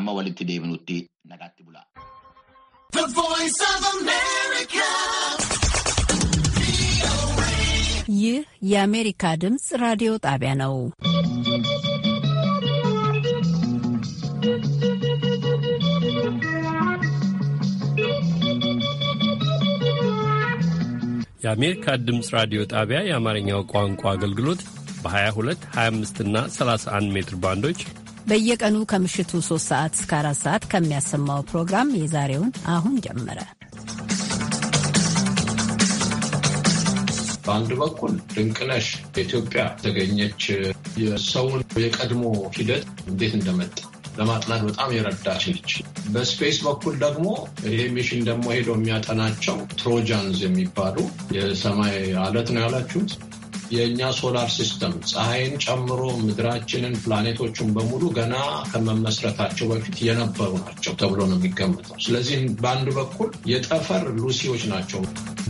amma walitti deebinutti nagaatti bula. ይህ የአሜሪካ ድምፅ ራዲዮ ጣቢያ ነው። የአሜሪካ ድምፅ ራዲዮ ጣቢያ የአማርኛው ቋንቋ አገልግሎት በ22፣ 25 እና 31 ሜትር ባንዶች በየቀኑ ከምሽቱ 3 ሰዓት እስከ 4 ሰዓት ከሚያሰማው ፕሮግራም የዛሬውን አሁን ጀመረ። በአንድ በኩል ድንቅነሽ በኢትዮጵያ ተገኘች። የሰውን የቀድሞ ሂደት እንዴት እንደመጣ ለማጥናት በጣም የረዳች ነች። በስፔስ በኩል ደግሞ ይሄ ሚሽን ደግሞ ሄዶ የሚያጠናቸው ትሮጃንዝ የሚባሉ የሰማይ አለት ነው ያላችሁት የእኛ ሶላር ሲስተም ፀሐይን ጨምሮ ምድራችንን፣ ፕላኔቶቹን በሙሉ ገና ከመመስረታቸው በፊት የነበሩ ናቸው ተብሎ ነው የሚገመተው። ስለዚህ በአንድ በኩል የጠፈር ሉሲዎች ናቸው።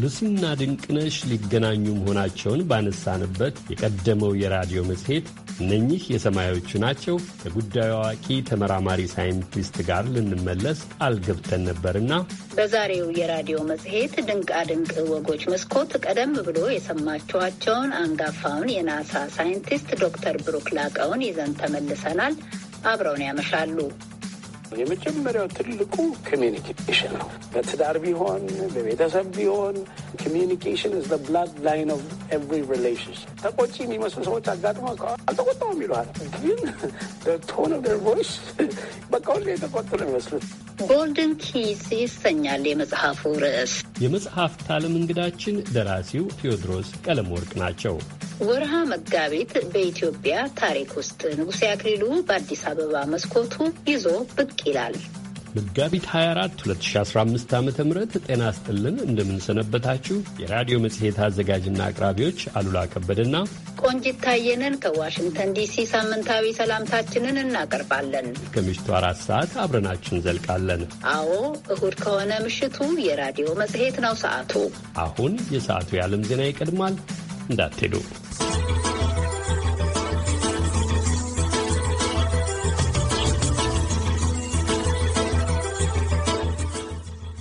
ሉሲና ድንቅነሽ ሊገናኙ መሆናቸውን ባነሳንበት የቀደመው የራዲዮ መጽሔት እነኚህ የሰማዮቹ ናቸው። ከጉዳዩ አዋቂ ተመራማሪ ሳይንቲስት ጋር ልንመለስ አልገብተን ነበርና በዛሬው የራዲዮ መጽሔት ድንቃድንቅ ወጎች መስኮት ቀደም ብሎ የሰማችኋቸውን አንጋፋውን የናሳ ሳይንቲስት ዶክተር ብሩክ ላቀውን ይዘን ተመልሰናል። አብረውን ያመሻሉ። የመጀመሪያው ትልቁ ኮሚኒኬሽን ነው። በትዳር ቢሆን በቤተሰብ ቢሆን ኮሚኒኬሽን ኢዝ ብላድ ላይን ኦፍ ኤቭሪ ሪሌሽንሽፕ። ተቆጪ የሚመስሉ ሰዎች አጋጥመው አልተቆጣውም ይለዋል፣ ግን ቶን ኦፍ ዴር ቮይስ በቃ ሁሌ የተቆጡ ነው ጎልደን ኪዝ ይሰኛል የመጽሐፉ ርዕስ። የመጽሐፍ ታለም እንግዳችን ደራሲው ቴዎድሮስ ቀለም ወርቅ ናቸው። ወርሃ መጋቢት በኢትዮጵያ ታሪክ ውስጥ ንጉሴ አክሊሉ በአዲስ አበባ መስኮቱ ይዞ ብቅ ይላል። መጋቢት 24 2015 ዓ ም ጤና ስጥልን እንደምንሰነበታችሁ። የራዲዮ መጽሔት አዘጋጅና አቅራቢዎች አሉላ ከበደና ቆንጂት ታየንን ከዋሽንግተን ዲሲ ሳምንታዊ ሰላምታችንን እናቀርባለን። ከምሽቱ አራት ሰዓት አብረናችን እንዘልቃለን። አዎ እሁድ ከሆነ ምሽቱ የራዲዮ መጽሔት ነው ሰዓቱ። አሁን የሰዓቱ የዓለም ዜና ይቀድማል፣ እንዳትሄዱ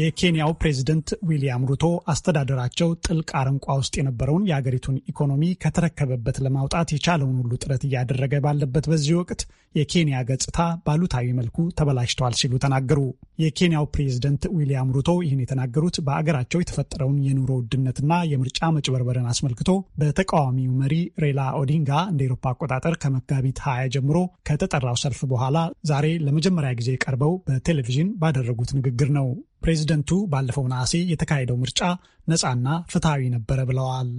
የኬንያው ፕሬዝደንት ዊሊያም ሩቶ አስተዳደራቸው ጥልቅ አረንቋ ውስጥ የነበረውን የአገሪቱን ኢኮኖሚ ከተረከበበት ለማውጣት የቻለውን ሁሉ ጥረት እያደረገ ባለበት በዚህ ወቅት የኬንያ ገጽታ ባሉታዊ መልኩ ተበላሽተዋል ሲሉ ተናገሩ። የኬንያው ፕሬዝደንት ዊሊያም ሩቶ ይህን የተናገሩት በአገራቸው የተፈጠረውን የኑሮ ውድነትና የምርጫ መጭበርበርን አስመልክቶ በተቃዋሚው መሪ ሬላ ኦዲንጋ እንደ ኤሮፓ አቆጣጠር ከመጋቢት 20 ጀምሮ ከተጠራው ሰልፍ በኋላ ዛሬ ለመጀመሪያ ጊዜ ቀርበው በቴሌቪዥን ባደረጉት ንግግር ነው። ፕሬዚደንቱ ባለፈው ነሐሴ የተካሄደው ምርጫ ነፃና ፍትሐዊ ነበረ ብለዋል።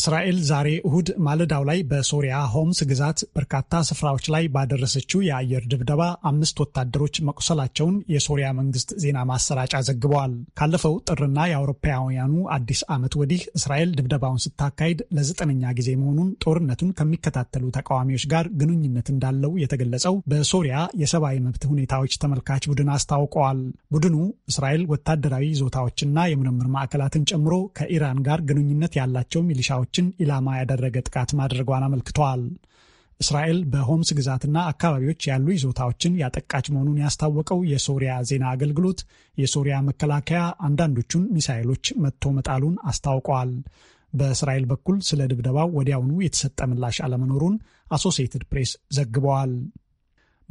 እስራኤል ዛሬ እሁድ ማለዳው ላይ በሶሪያ ሆምስ ግዛት በርካታ ስፍራዎች ላይ ባደረሰችው የአየር ድብደባ አምስት ወታደሮች መቁሰላቸውን የሶሪያ መንግስት ዜና ማሰራጫ ዘግበዋል። ካለፈው ጥርና የአውሮፓውያኑ አዲስ ዓመት ወዲህ እስራኤል ድብደባውን ስታካሂድ ለዘጠነኛ ጊዜ መሆኑን ጦርነቱን ከሚከታተሉ ተቃዋሚዎች ጋር ግንኙነት እንዳለው የተገለጸው በሶሪያ የሰብአዊ መብት ሁኔታዎች ተመልካች ቡድን አስታውቀዋል። ቡድኑ እስራኤል ወታደራዊ ይዞታዎችና የምርምር ማዕከላትን ጨምሮ ከኢራን ጋር ግንኙነት ያላቸው ሚሊሻዎች ሰዎችን ኢላማ ያደረገ ጥቃት ማድረጓን አመልክተዋል። እስራኤል በሆምስ ግዛትና አካባቢዎች ያሉ ይዞታዎችን ያጠቃች መሆኑን ያስታወቀው የሶሪያ ዜና አገልግሎት የሶሪያ መከላከያ አንዳንዶቹን ሚሳይሎች መጥቶ መጣሉን አስታውቀዋል። በእስራኤል በኩል ስለ ድብደባው ወዲያውኑ የተሰጠ ምላሽ አለመኖሩን አሶሲየትድ ፕሬስ ዘግበዋል።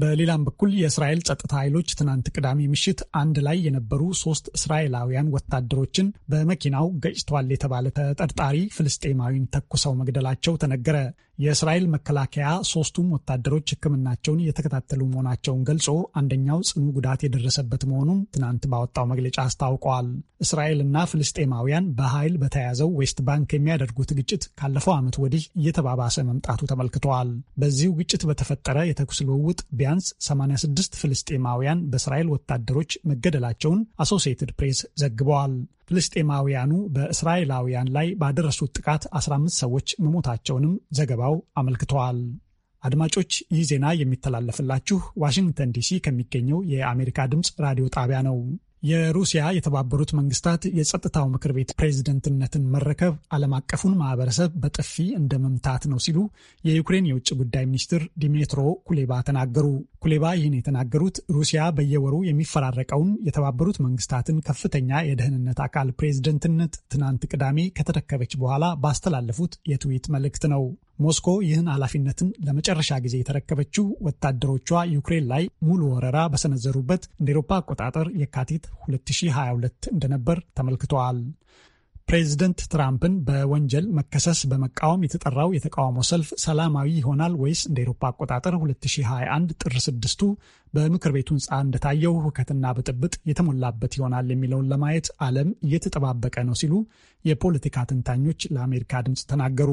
በሌላም በኩል የእስራኤል ጸጥታ ኃይሎች ትናንት ቅዳሜ ምሽት አንድ ላይ የነበሩ ሶስት እስራኤላውያን ወታደሮችን በመኪናው ገጭቷል የተባለ ተጠርጣሪ ፍልስጤማዊን ተኩሰው መግደላቸው ተነገረ። የእስራኤል መከላከያ ሶስቱም ወታደሮች ሕክምናቸውን የተከታተሉ መሆናቸውን ገልጾ አንደኛው ጽኑ ጉዳት የደረሰበት መሆኑን ትናንት ባወጣው መግለጫ አስታውቀዋል። እስራኤልና ፍልስጤማውያን በኃይል በተያያዘው ዌስት ባንክ የሚያደርጉት ግጭት ካለፈው ዓመት ወዲህ እየተባባሰ መምጣቱ ተመልክተዋል። በዚሁ ግጭት በተፈጠረ የተኩስ ልውውጥ ቢያንስ 86 ፍልስጤማውያን በእስራኤል ወታደሮች መገደላቸውን አሶሲየትድ ፕሬስ ዘግበዋል። ፍልስጤማውያኑ በእስራኤላውያን ላይ ባደረሱት ጥቃት 15 ሰዎች መሞታቸውንም ዘገባው አመልክተዋል። አድማጮች ይህ ዜና የሚተላለፍላችሁ ዋሽንግተን ዲሲ ከሚገኘው የአሜሪካ ድምፅ ራዲዮ ጣቢያ ነው። የሩሲያ የተባበሩት መንግስታት የጸጥታው ምክር ቤት ፕሬዝደንትነትን መረከብ ዓለም አቀፉን ማህበረሰብ በጥፊ እንደ መምታት ነው ሲሉ የዩክሬን የውጭ ጉዳይ ሚኒስትር ዲሜትሮ ኩሌባ ተናገሩ። ኩሌባ ይህን የተናገሩት ሩሲያ በየወሩ የሚፈራረቀውን የተባበሩት መንግስታትን ከፍተኛ የደህንነት አካል ፕሬዝደንትነት ትናንት ቅዳሜ ከተረከበች በኋላ ባስተላለፉት የትዊት መልእክት ነው። ሞስኮ ይህን ኃላፊነትን ለመጨረሻ ጊዜ የተረከበችው ወታደሮቿ ዩክሬን ላይ ሙሉ ወረራ በሰነዘሩበት እንደ ኤሮፓ አቆጣጠር የካቲት 2022 እንደነበር ተመልክተዋል። ፕሬዚደንት ትራምፕን በወንጀል መከሰስ በመቃወም የተጠራው የተቃውሞ ሰልፍ ሰላማዊ ይሆናል ወይስ እንደ ኤሮፓ አቆጣጠር 2021 ጥር ስድስቱ በምክር ቤቱ ህንፃ እንደታየው ሁከትና ብጥብጥ የተሞላበት ይሆናል የሚለውን ለማየት ዓለም እየተጠባበቀ ነው ሲሉ የፖለቲካ ተንታኞች ለአሜሪካ ድምፅ ተናገሩ።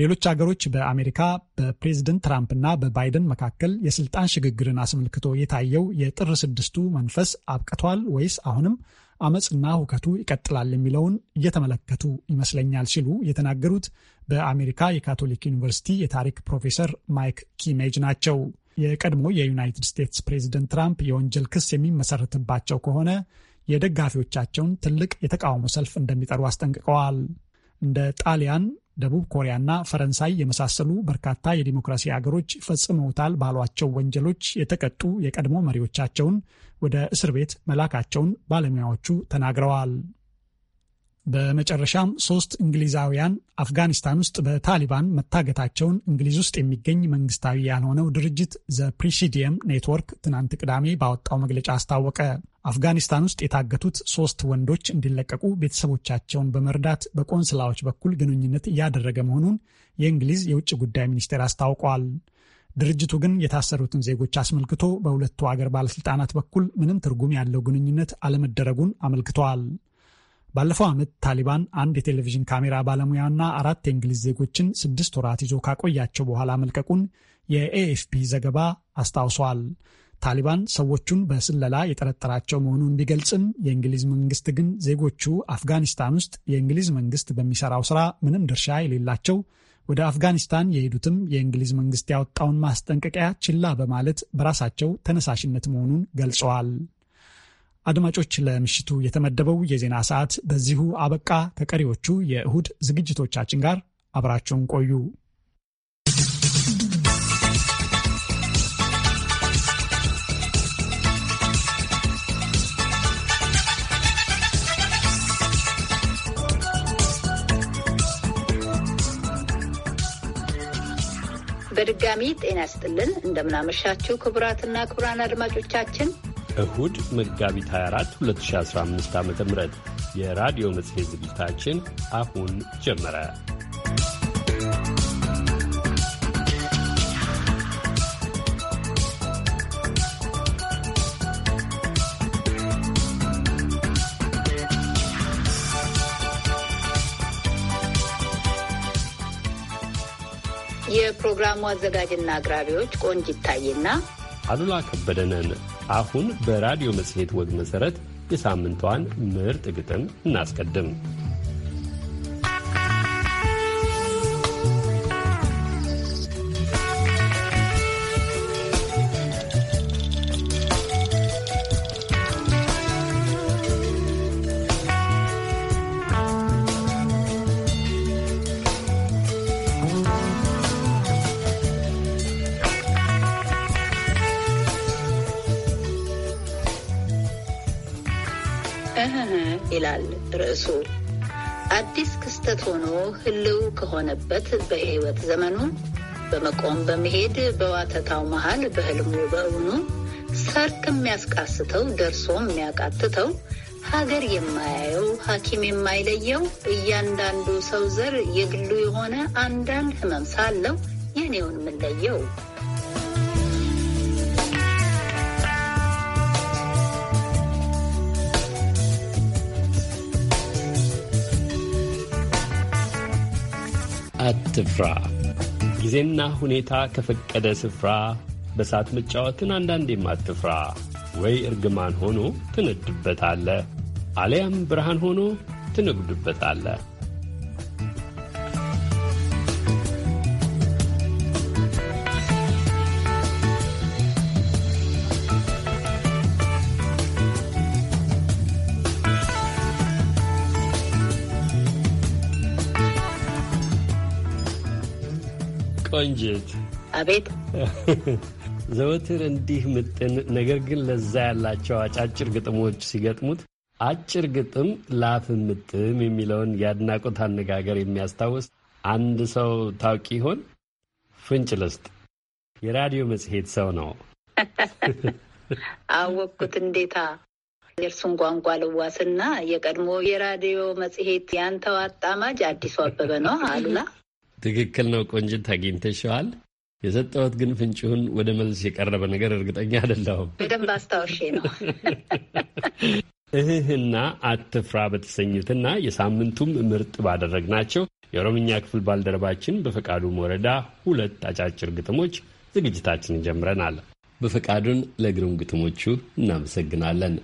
ሌሎች አገሮች በአሜሪካ በፕሬዝደንት ትራምፕና በባይደን መካከል የስልጣን ሽግግርን አስመልክቶ የታየው የጥር ስድስቱ መንፈስ አብቅቷል ወይስ አሁንም አመፅና ሁከቱ ይቀጥላል የሚለውን እየተመለከቱ ይመስለኛል ሲሉ የተናገሩት በአሜሪካ የካቶሊክ ዩኒቨርሲቲ የታሪክ ፕሮፌሰር ማይክ ኪሜጅ ናቸው። የቀድሞ የዩናይትድ ስቴትስ ፕሬዝደንት ትራምፕ የወንጀል ክስ የሚመሰረትባቸው ከሆነ የደጋፊዎቻቸውን ትልቅ የተቃውሞ ሰልፍ እንደሚጠሩ አስጠንቅቀዋል። እንደ ጣሊያን ደቡብ ኮሪያና ፈረንሳይ የመሳሰሉ በርካታ የዲሞክራሲ አገሮች ፈጽመውታል ባሏቸው ወንጀሎች የተቀጡ የቀድሞ መሪዎቻቸውን ወደ እስር ቤት መላካቸውን ባለሙያዎቹ ተናግረዋል። በመጨረሻም ሶስት እንግሊዛውያን አፍጋኒስታን ውስጥ በታሊባን መታገታቸውን እንግሊዝ ውስጥ የሚገኝ መንግስታዊ ያልሆነው ድርጅት ዘ ፕሪሲዲየም ኔትወርክ ትናንት ቅዳሜ ባወጣው መግለጫ አስታወቀ። አፍጋኒስታን ውስጥ የታገቱት ሶስት ወንዶች እንዲለቀቁ ቤተሰቦቻቸውን በመርዳት በቆንስላዎች በኩል ግንኙነት እያደረገ መሆኑን የእንግሊዝ የውጭ ጉዳይ ሚኒስቴር አስታውቋል። ድርጅቱ ግን የታሰሩትን ዜጎች አስመልክቶ በሁለቱ አገር ባለስልጣናት በኩል ምንም ትርጉም ያለው ግንኙነት አለመደረጉን አመልክተዋል። ባለፈው ዓመት ታሊባን አንድ የቴሌቪዥን ካሜራ ባለሙያና አራት የእንግሊዝ ዜጎችን ስድስት ወራት ይዞ ካቆያቸው በኋላ መልቀቁን የኤኤፍፒ ዘገባ አስታውሷል። ታሊባን ሰዎቹን በስለላ የጠረጠራቸው መሆኑን ቢገልጽም የእንግሊዝ መንግስት ግን ዜጎቹ አፍጋኒስታን ውስጥ የእንግሊዝ መንግስት በሚሰራው ስራ ምንም ድርሻ የሌላቸው ወደ አፍጋኒስታን የሄዱትም የእንግሊዝ መንግስት ያወጣውን ማስጠንቀቂያ ችላ በማለት በራሳቸው ተነሳሽነት መሆኑን ገልጸዋል። አድማጮች፣ ለምሽቱ የተመደበው የዜና ሰዓት በዚሁ አበቃ። ከቀሪዎቹ የእሁድ ዝግጅቶቻችን ጋር አብራቸውን ቆዩ። በድጋሚ ጤና ያስጥልን። እንደምናመሻችሁ ክቡራትና ክቡራን አድማጮቻችን እሁድ መጋቢት 24 2015 ዓ ም የራዲዮ መጽሔት ዝግጅታችን አሁን ጀመረ። የፕሮግራሙ አዘጋጅና አቅራቢዎች ቆንጅ ይታይና አሉላ ከበደነን። አሁን በራዲዮ መጽሔት ወግ መሠረት የሳምንቷን ምርጥ ግጥም እናስቀድም። በሆነበት በህይወት ዘመኑ በመቆም በመሄድ በዋተታው መሃል በህልሙ በእውኑ ሰርክ የሚያስቃስተው ደርሶ የሚያቃትተው ሀገር የማያየው ሐኪም የማይለየው እያንዳንዱ ሰው ዘር የግሉ የሆነ አንዳንድ ህመም ሳለው የኔውን ምንለየው። አትፍራ። ጊዜና ሁኔታ ከፈቀደ ስፍራ በሳት መጫወትን አንዳንዴም አትፍራ። ወይ እርግማን ሆኖ ትነድበታለ፣ አለያም ብርሃን ሆኖ ትነጉድበታለ። ቆንጅት አቤት። ዘወትር እንዲህ ምጥን ነገር ግን ለዛ ያላቸው አጫጭር ግጥሞች ሲገጥሙት አጭር ግጥም ላፍ ምጥም የሚለውን የአድናቆት አነጋገር የሚያስታውስ አንድ ሰው ታውቂ ይሆን? ፍንጭ ልስጥ። የራዲዮ መጽሔት ሰው ነው። አወቅኩት እንዴታ የእርሱን ቋንቋ ልዋስና የቀድሞ የራዲዮ መጽሔት ያንተው አጣማጅ አዲሱ አበበ ነው አሉና ትክክል ነው ቆንጅት ታግኝተሸዋል። የሰጠሁት ግን ፍንጭሁን ወደ መልስ የቀረበ ነገር እርግጠኛ አይደለሁም። በደንብ አስታውሼ ነው። እህህና አትፍራ በተሰኙትና የሳምንቱም ምርጥ ባደረግ ናቸው። የኦሮምኛ ክፍል ባልደረባችን በፈቃዱ ወረዳ ሁለት አጫጭር ግጥሞች ዝግጅታችንን ጀምረናል። በፈቃዱን ለግሩም ግጥሞቹ እናመሰግናለን።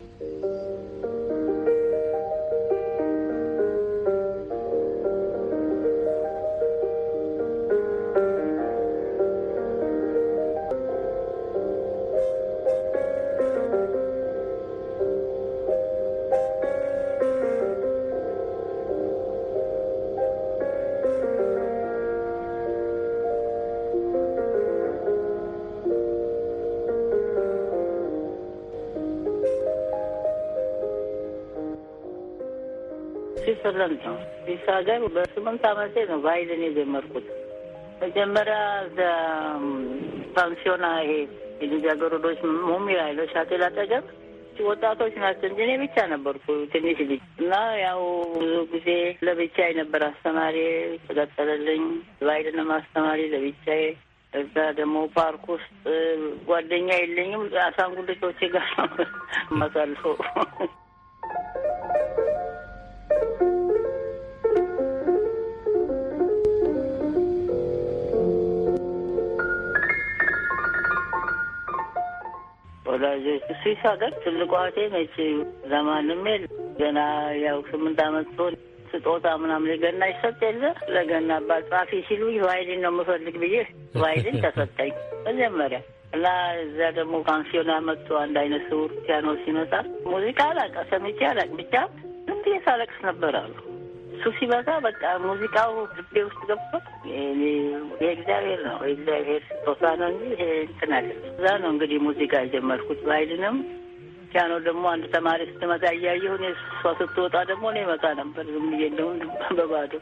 ስምንት ነው ሲሳገር በስምንት አመቴ ነው ቫይልን የጀመርኩት። መጀመሪያ ፓንሲዮና ይሄ የልጃገረዶች ሙሚ ይለው ሻቴል አጠገብ ወጣቶች ናቸው እንጂ እኔ ብቻ ነበርኩ ትንሽ ልጅ እና ያው ብዙ ጊዜ ለብቻዬ ነበር አስተማሪ ተቀጠለልኝ። ቫይልንም አስተማሪ ለብቻዬ እዛ ደግሞ ፓርክ ውስጥ ጓደኛ የለኝም። አሳንጉልቶቼ ጋር ነው የማሳልፈው። ስዊስ ሀገር ትልቋ እህቴ መቼ ዘማንም ገና ያው ስምንት አመት ሆን ስጦታ ምናምን ለገና ይሰጥ የለ ለገና አባት ጻፊ ሲሉ ቫይሊን ነው የምፈልግ ብዬ ቫይሊን ተሰጠኝ መጀመሪያ እና እዚያ ደግሞ ካንሲዮና መጥቶ አንድ አይነት ስውር ፒያኖ ሲመጣ ሙዚቃ አላቀ ሰምቼ አላቅ ብቻ ዝም ብዬ ሳለቅስ ነበር አሉ እሱ ሲበዛ በቃ ሙዚቃው ልቤ ውስጥ ገብቶ የእግዚአብሔር ነው የእግዚአብሔር ስጦታ ነው እንጂ ይሄ እንትን አለ። እዛ ነው እንግዲህ ሙዚቃ የጀመርኩት ባይልንም ፒያኖ ደግሞ አንድ ተማሪ ስትመታ እያየሁ እሷ ስትወጣ ደግሞ እኔ እመታ ነበር ዝም ብዬ እንደውም በባዶ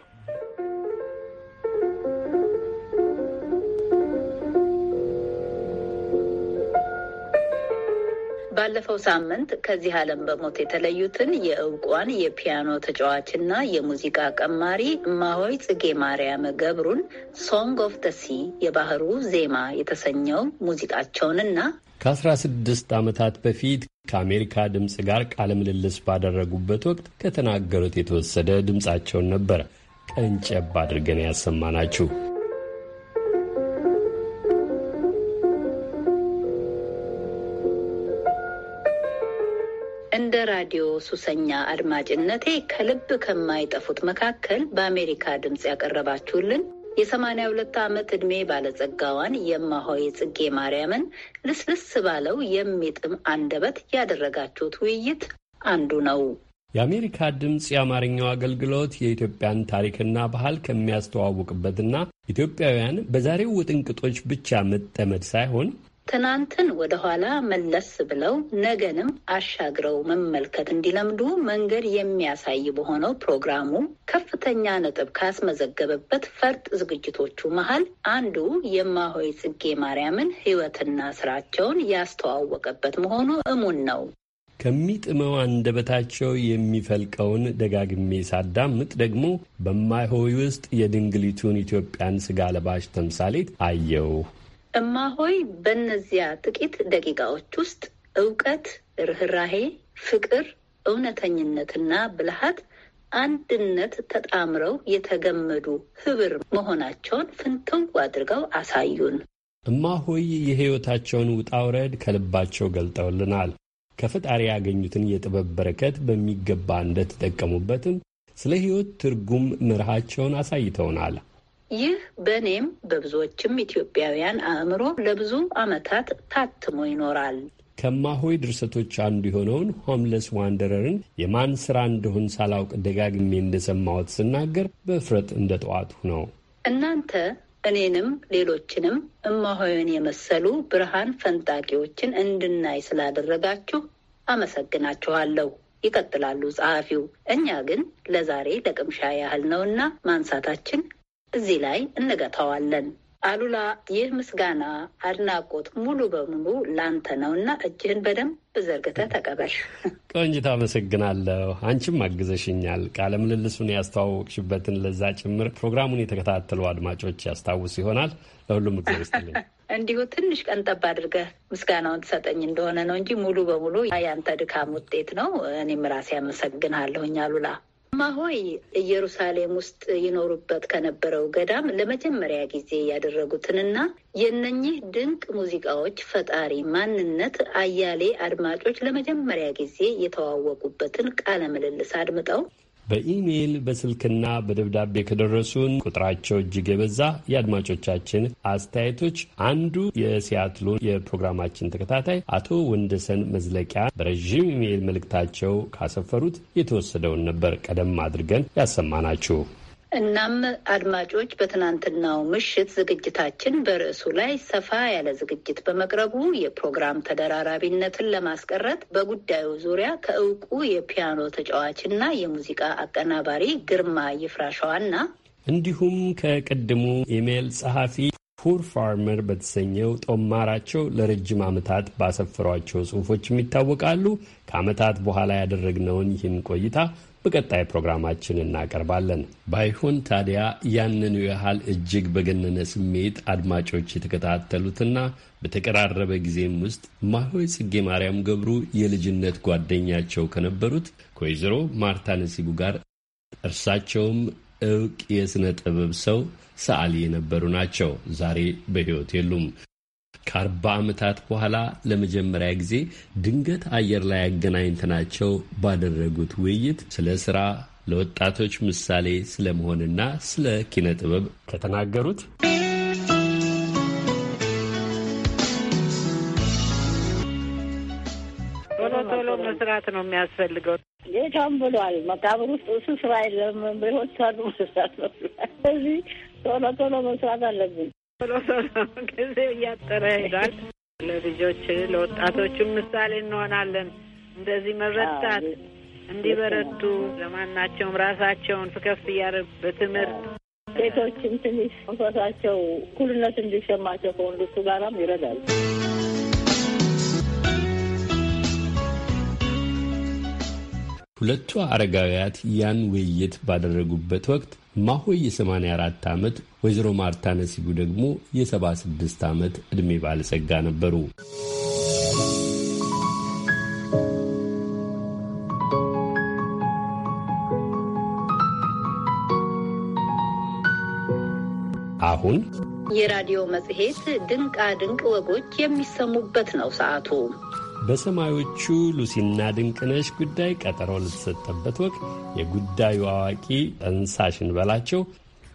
ባለፈው ሳምንት ከዚህ ዓለም በሞት የተለዩትን የእውቋን የፒያኖ ተጫዋችና የሙዚቃ ቀማሪ ማሆይ ጽጌ ማርያም ገብሩን ሶንግ ኦፍ ደ ሲ የባህሩ ዜማ የተሰኘው ሙዚቃቸውንና ከ16 ዓመታት በፊት ከአሜሪካ ድምፅ ጋር ቃለ ምልልስ ባደረጉበት ወቅት ከተናገሩት የተወሰደ ድምፃቸውን ነበር ቀንጨብ አድርገን ያሰማናችሁ። የራዲዮ ሱሰኛ አድማጭነቴ ከልብ ከማይጠፉት መካከል በአሜሪካ ድምፅ ያቀረባችሁልን የሰማንያ ሁለት ዓመት ዕድሜ ባለጸጋዋን የማሆይ ጽጌ ማርያምን ልስልስ ባለው የሚጥም አንደበት ያደረጋችሁት ውይይት አንዱ ነው። የአሜሪካ ድምፅ የአማርኛው አገልግሎት የኢትዮጵያን ታሪክና ባህል ከሚያስተዋውቅበትና ኢትዮጵያውያን በዛሬው ውጥንቅጦች ብቻ መጠመድ ሳይሆን ትናንትን ወደ ኋላ መለስ ብለው ነገንም አሻግረው መመልከት እንዲለምዱ መንገድ የሚያሳይ በሆነው ፕሮግራሙ ከፍተኛ ነጥብ ካስመዘገበበት ፈርጥ ዝግጅቶቹ መሀል አንዱ የማሆይ ጽጌ ማርያምን ሕይወትና ስራቸውን ያስተዋወቀበት መሆኑ እሙን ነው። ከሚጥመው አንደበታቸው የሚፈልቀውን ደጋግሜ ሳዳምጥ ደግሞ በማይሆይ ውስጥ የድንግሊቱን ኢትዮጵያን ስጋ ለባሽ ተምሳሌት አየው እማሆይ በእነዚያ ጥቂት ደቂቃዎች ውስጥ እውቀት፣ ርኅራሄ፣ ፍቅር፣ እውነተኝነትና ብልሃት አንድነት ተጣምረው የተገመዱ ህብር መሆናቸውን ፍንትው አድርገው አሳዩን። እማሆይ የሕይወታቸውን ውጣ ውረድ ከልባቸው ገልጠውልናል። ከፈጣሪ ያገኙትን የጥበብ በረከት በሚገባ እንደተጠቀሙበትም ስለ ሕይወት ትርጉም መርሃቸውን አሳይተውናል። ይህ በእኔም በብዙዎችም ኢትዮጵያውያን አእምሮ ለብዙ ዓመታት ታትሞ ይኖራል። ከማሆይ ድርሰቶች አንዱ የሆነውን ሆምለስ ዋንደረርን የማን ስራ እንደሆን ሳላውቅ ደጋግሜ እንደሰማሁት ስናገር በፍረት እንደ ጠዋቱ ነው። እናንተ እኔንም ሌሎችንም እማሆይን የመሰሉ ብርሃን ፈንጣቂዎችን እንድናይ ስላደረጋችሁ አመሰግናችኋለሁ። ይቀጥላሉ ጸሐፊው። እኛ ግን ለዛሬ ለቅምሻ ያህል ነውና ማንሳታችን እዚህ ላይ እንገታዋለን። አሉላ፣ ይህ ምስጋና አድናቆት ሙሉ በሙሉ ላንተ ነው እና እጅህን በደንብ ዘርግተህ ተቀበል። ቆንጅታ፣ አመሰግናለሁ። አንቺም አግዘሽኛል። ቃለ ምልልሱን ያስተዋወቅሽበትን ለዛ ጭምር ፕሮግራሙን የተከታተሉ አድማጮች ያስታውስ ይሆናል። ለሁሉም እግዜር ይስጥልኝ። እንዲሁ ትንሽ ቀን ጠብ አድርገህ ምስጋናውን ትሰጠኝ እንደሆነ ነው እንጂ ሙሉ በሙሉ ያንተ ድካም ውጤት ነው። እኔም ራሴ አመሰግንሃለሁኝ አሉላ። ሆይ ኢየሩሳሌም ውስጥ ይኖሩበት ከነበረው ገዳም ለመጀመሪያ ጊዜ ያደረጉትንና የእነኚህ ድንቅ ሙዚቃዎች ፈጣሪ ማንነት አያሌ አድማጮች ለመጀመሪያ ጊዜ የተዋወቁበትን ቃለ ምልልስ አድምጠው በኢሜይል በስልክና በደብዳቤ ከደረሱን ቁጥራቸው እጅግ የበዛ የአድማጮቻችን አስተያየቶች አንዱ የሲያትሉ የፕሮግራማችን ተከታታይ አቶ ወንደሰን መዝለቂያ በረዥም ኢሜይል መልእክታቸው ካሰፈሩት የተወሰደውን ነበር ቀደም አድርገን ያሰማናችሁ። እናም አድማጮች በትናንትናው ምሽት ዝግጅታችን በርዕሱ ላይ ሰፋ ያለ ዝግጅት በመቅረቡ የፕሮግራም ተደራራቢነትን ለማስቀረት በጉዳዩ ዙሪያ ከእውቁ የፒያኖ ተጫዋችና የሙዚቃ አቀናባሪ ግርማ ይፍራሸዋና እንዲሁም ከቅድሙ ኢሜይል ጸሐፊ ፑር ፋርመር በተሰኘው ጦማራቸው ለረጅም ዓመታት ባሰፈሯቸው ጽሑፎችም ይታወቃሉ። ከዓመታት በኋላ ያደረግነውን ይህን ቆይታ በቀጣይ ፕሮግራማችን እናቀርባለን። ባይሆን ታዲያ ያንኑ ያህል እጅግ በገነነ ስሜት አድማጮች የተከታተሉትና በተቀራረበ ጊዜም ውስጥ እማሆይ ጽጌ ማርያም ገብሩ የልጅነት ጓደኛቸው ከነበሩት ከወይዘሮ ማርታ ነሲቡ ጋር እርሳቸውም እውቅ የሥነ ጥበብ ሰው ሰዓሊ የነበሩ ናቸው። ዛሬ በሕይወት የሉም። ከአርባ ዓመታት በኋላ ለመጀመሪያ ጊዜ ድንገት አየር ላይ ያገናኝተናቸው ባደረጉት ውይይት ስለ ስራ ለወጣቶች ምሳሌ ስለመሆንና ስለ ኪነ ጥበብ ከተናገሩት ቶሎ መስራት ነው የሚያስፈልገው። ጌታም ብሏል መቃብር ውስጥ እሱ ስራ የለም ብሎት ሳሉ መስራት ነው ስለዚህ ቶሎ ቶሎ መስራት አለብን። ቶሎ ቶሎ ጊዜ እያጠረ ለልጆች ለወጣቶቹም ምሳሌ እንሆናለን። እንደዚህ መረዳት እንዲበረቱ ለማናቸውም ራሳቸውን ፍከፍ እያደረጉ በትምህርት ሴቶችም ትንሽ መንፈሳቸው እኩልነት እንዲሰማቸው ከወንዶቹ ጋራም ይረዳል። ሁለቱ አረጋውያት ያን ውይይት ባደረጉበት ወቅት ማሆይ የ84 ዓመት፣ ወይዘሮ ማርታ ነሲቡ ደግሞ የ76 ዓመት ዕድሜ ባለጸጋ ነበሩ። አሁን የራዲዮ መጽሔት ድንቃ ድንቅ ወጎች የሚሰሙበት ነው ሰዓቱ። በሰማዮቹ ሉሲና ድንቅነሽ ጉዳይ ቀጠሮ ለተሰጠበት ወቅት የጉዳዩ አዋቂ ጠንሳሽን በላቸው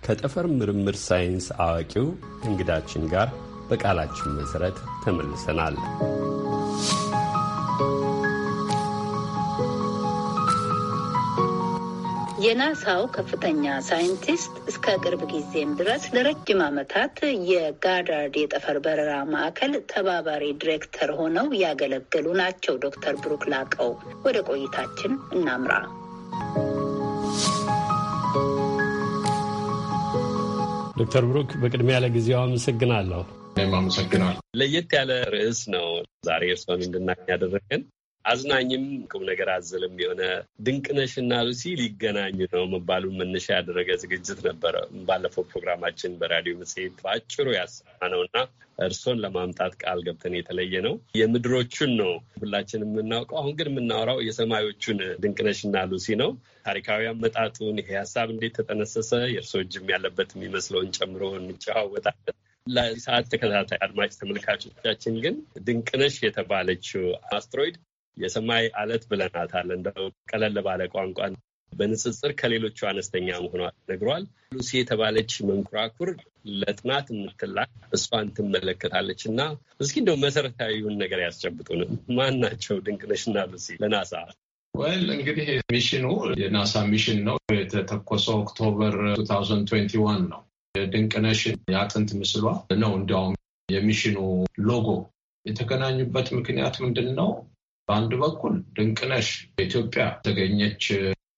ከጠፈር ምርምር ሳይንስ አዋቂው እንግዳችን ጋር በቃላችን መሠረት ተመልሰናል። የናሳው ከፍተኛ ሳይንቲስት እስከ ቅርብ ጊዜም ድረስ ለረጅም ዓመታት የጋዳርድ የጠፈር በረራ ማዕከል ተባባሪ ዲሬክተር ሆነው ያገለገሉ ናቸው። ዶክተር ብሩክ ላቀው ወደ ቆይታችን እናምራ። ዶክተር ብሩክ በቅድሚያ ለጊዜው አመሰግናለሁ። አመሰግናለሁ። ለየት ያለ ርዕስ ነው ዛሬ እርስዎን እንድናገኝ ያደረገን አዝናኝም ቁም ነገር አዘልም የሆነ ድንቅነሽና ሉሲ ሊገናኙ ነው መባሉን መነሻ ያደረገ ዝግጅት ነበረ። ባለፈው ፕሮግራማችን በራዲዮ መጽሔት በአጭሩ ያሰማ ነው እና እርሶን ለማምጣት ቃል ገብተን የተለየ ነው። የምድሮቹን ነው ሁላችን የምናውቀው። አሁን ግን የምናወራው የሰማዮቹን ድንቅነሽና ሉሲ ነው። ታሪካዊ አመጣጡን፣ ይሄ ሀሳብ እንዴት ተጠነሰሰ፣ የእርሶ እጅም ያለበት የሚመስለውን ጨምሮ እንጨዋወጣለን። ለሰዓት ተከታታይ አድማጭ ተመልካቾቻችን ግን ድንቅነሽ የተባለችው አስትሮይድ የሰማይ አለት ብለናታል። እንደው ቀለል ባለ ቋንቋ በንጽጽር ከሌሎቹ አነስተኛ መሆኗ ነግሯል። ሉሲ የተባለች መንኮራኩር ለጥናት የምትላክ እሷን ትመለከታለች እና እስኪ እንደው መሰረታዊውን ነገር ያስጨብጡን። ማን ናቸው ድንቅነሽና ሉሲ ለናሳ? ወይል እንግዲህ ሚሽኑ የናሳ ሚሽን ነው። የተተኮሰው ኦክቶበር 2021 ነው። የድንቅነሽ የአጥንት ምስሏ ነው እንዲያውም የሚሽኑ ሎጎ የተገናኙበት ምክንያት ምንድን ነው? በአንድ በኩል ድንቅነሽ ኢትዮጵያ ተገኘች።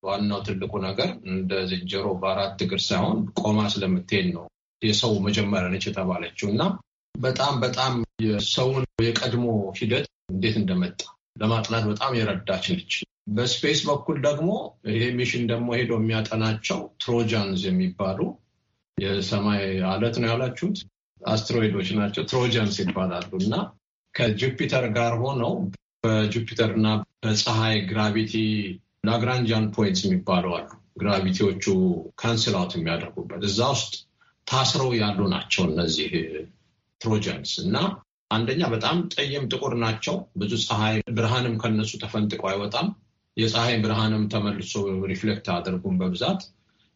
ዋናው ትልቁ ነገር እንደ ዝንጀሮ በአራት እግር ሳይሆን ቆማ ስለምትሄድ ነው የሰው መጀመሪያ ነች የተባለችው እና በጣም በጣም የሰውን የቀድሞ ሂደት እንዴት እንደመጣ ለማጥናት በጣም የረዳች ነች። በስፔስ በኩል ደግሞ ይሄ ሚሽን ደግሞ ሄዶ የሚያጠናቸው ትሮጃንዝ የሚባሉ የሰማይ አለት ነው ያላችሁት አስትሮይዶች ናቸው። ትሮጃንስ ይባላሉ እና ከጁፒተር ጋር ሆነው በጁፒተር እና በፀሐይ ግራቪቲ ላግራንጃን ፖይንትስ የሚባሉ አሉ። ግራቪቲዎቹ ካንስላት የሚያደርጉበት እዛ ውስጥ ታስረው ያሉ ናቸው እነዚህ ትሮጀንስ እና አንደኛ በጣም ጠየም ጥቁር ናቸው። ብዙ ፀሐይ ብርሃንም ከነሱ ተፈንጥቆ አይወጣም። የፀሐይ ብርሃንም ተመልሶ ሪፍሌክት አያደርጉም በብዛት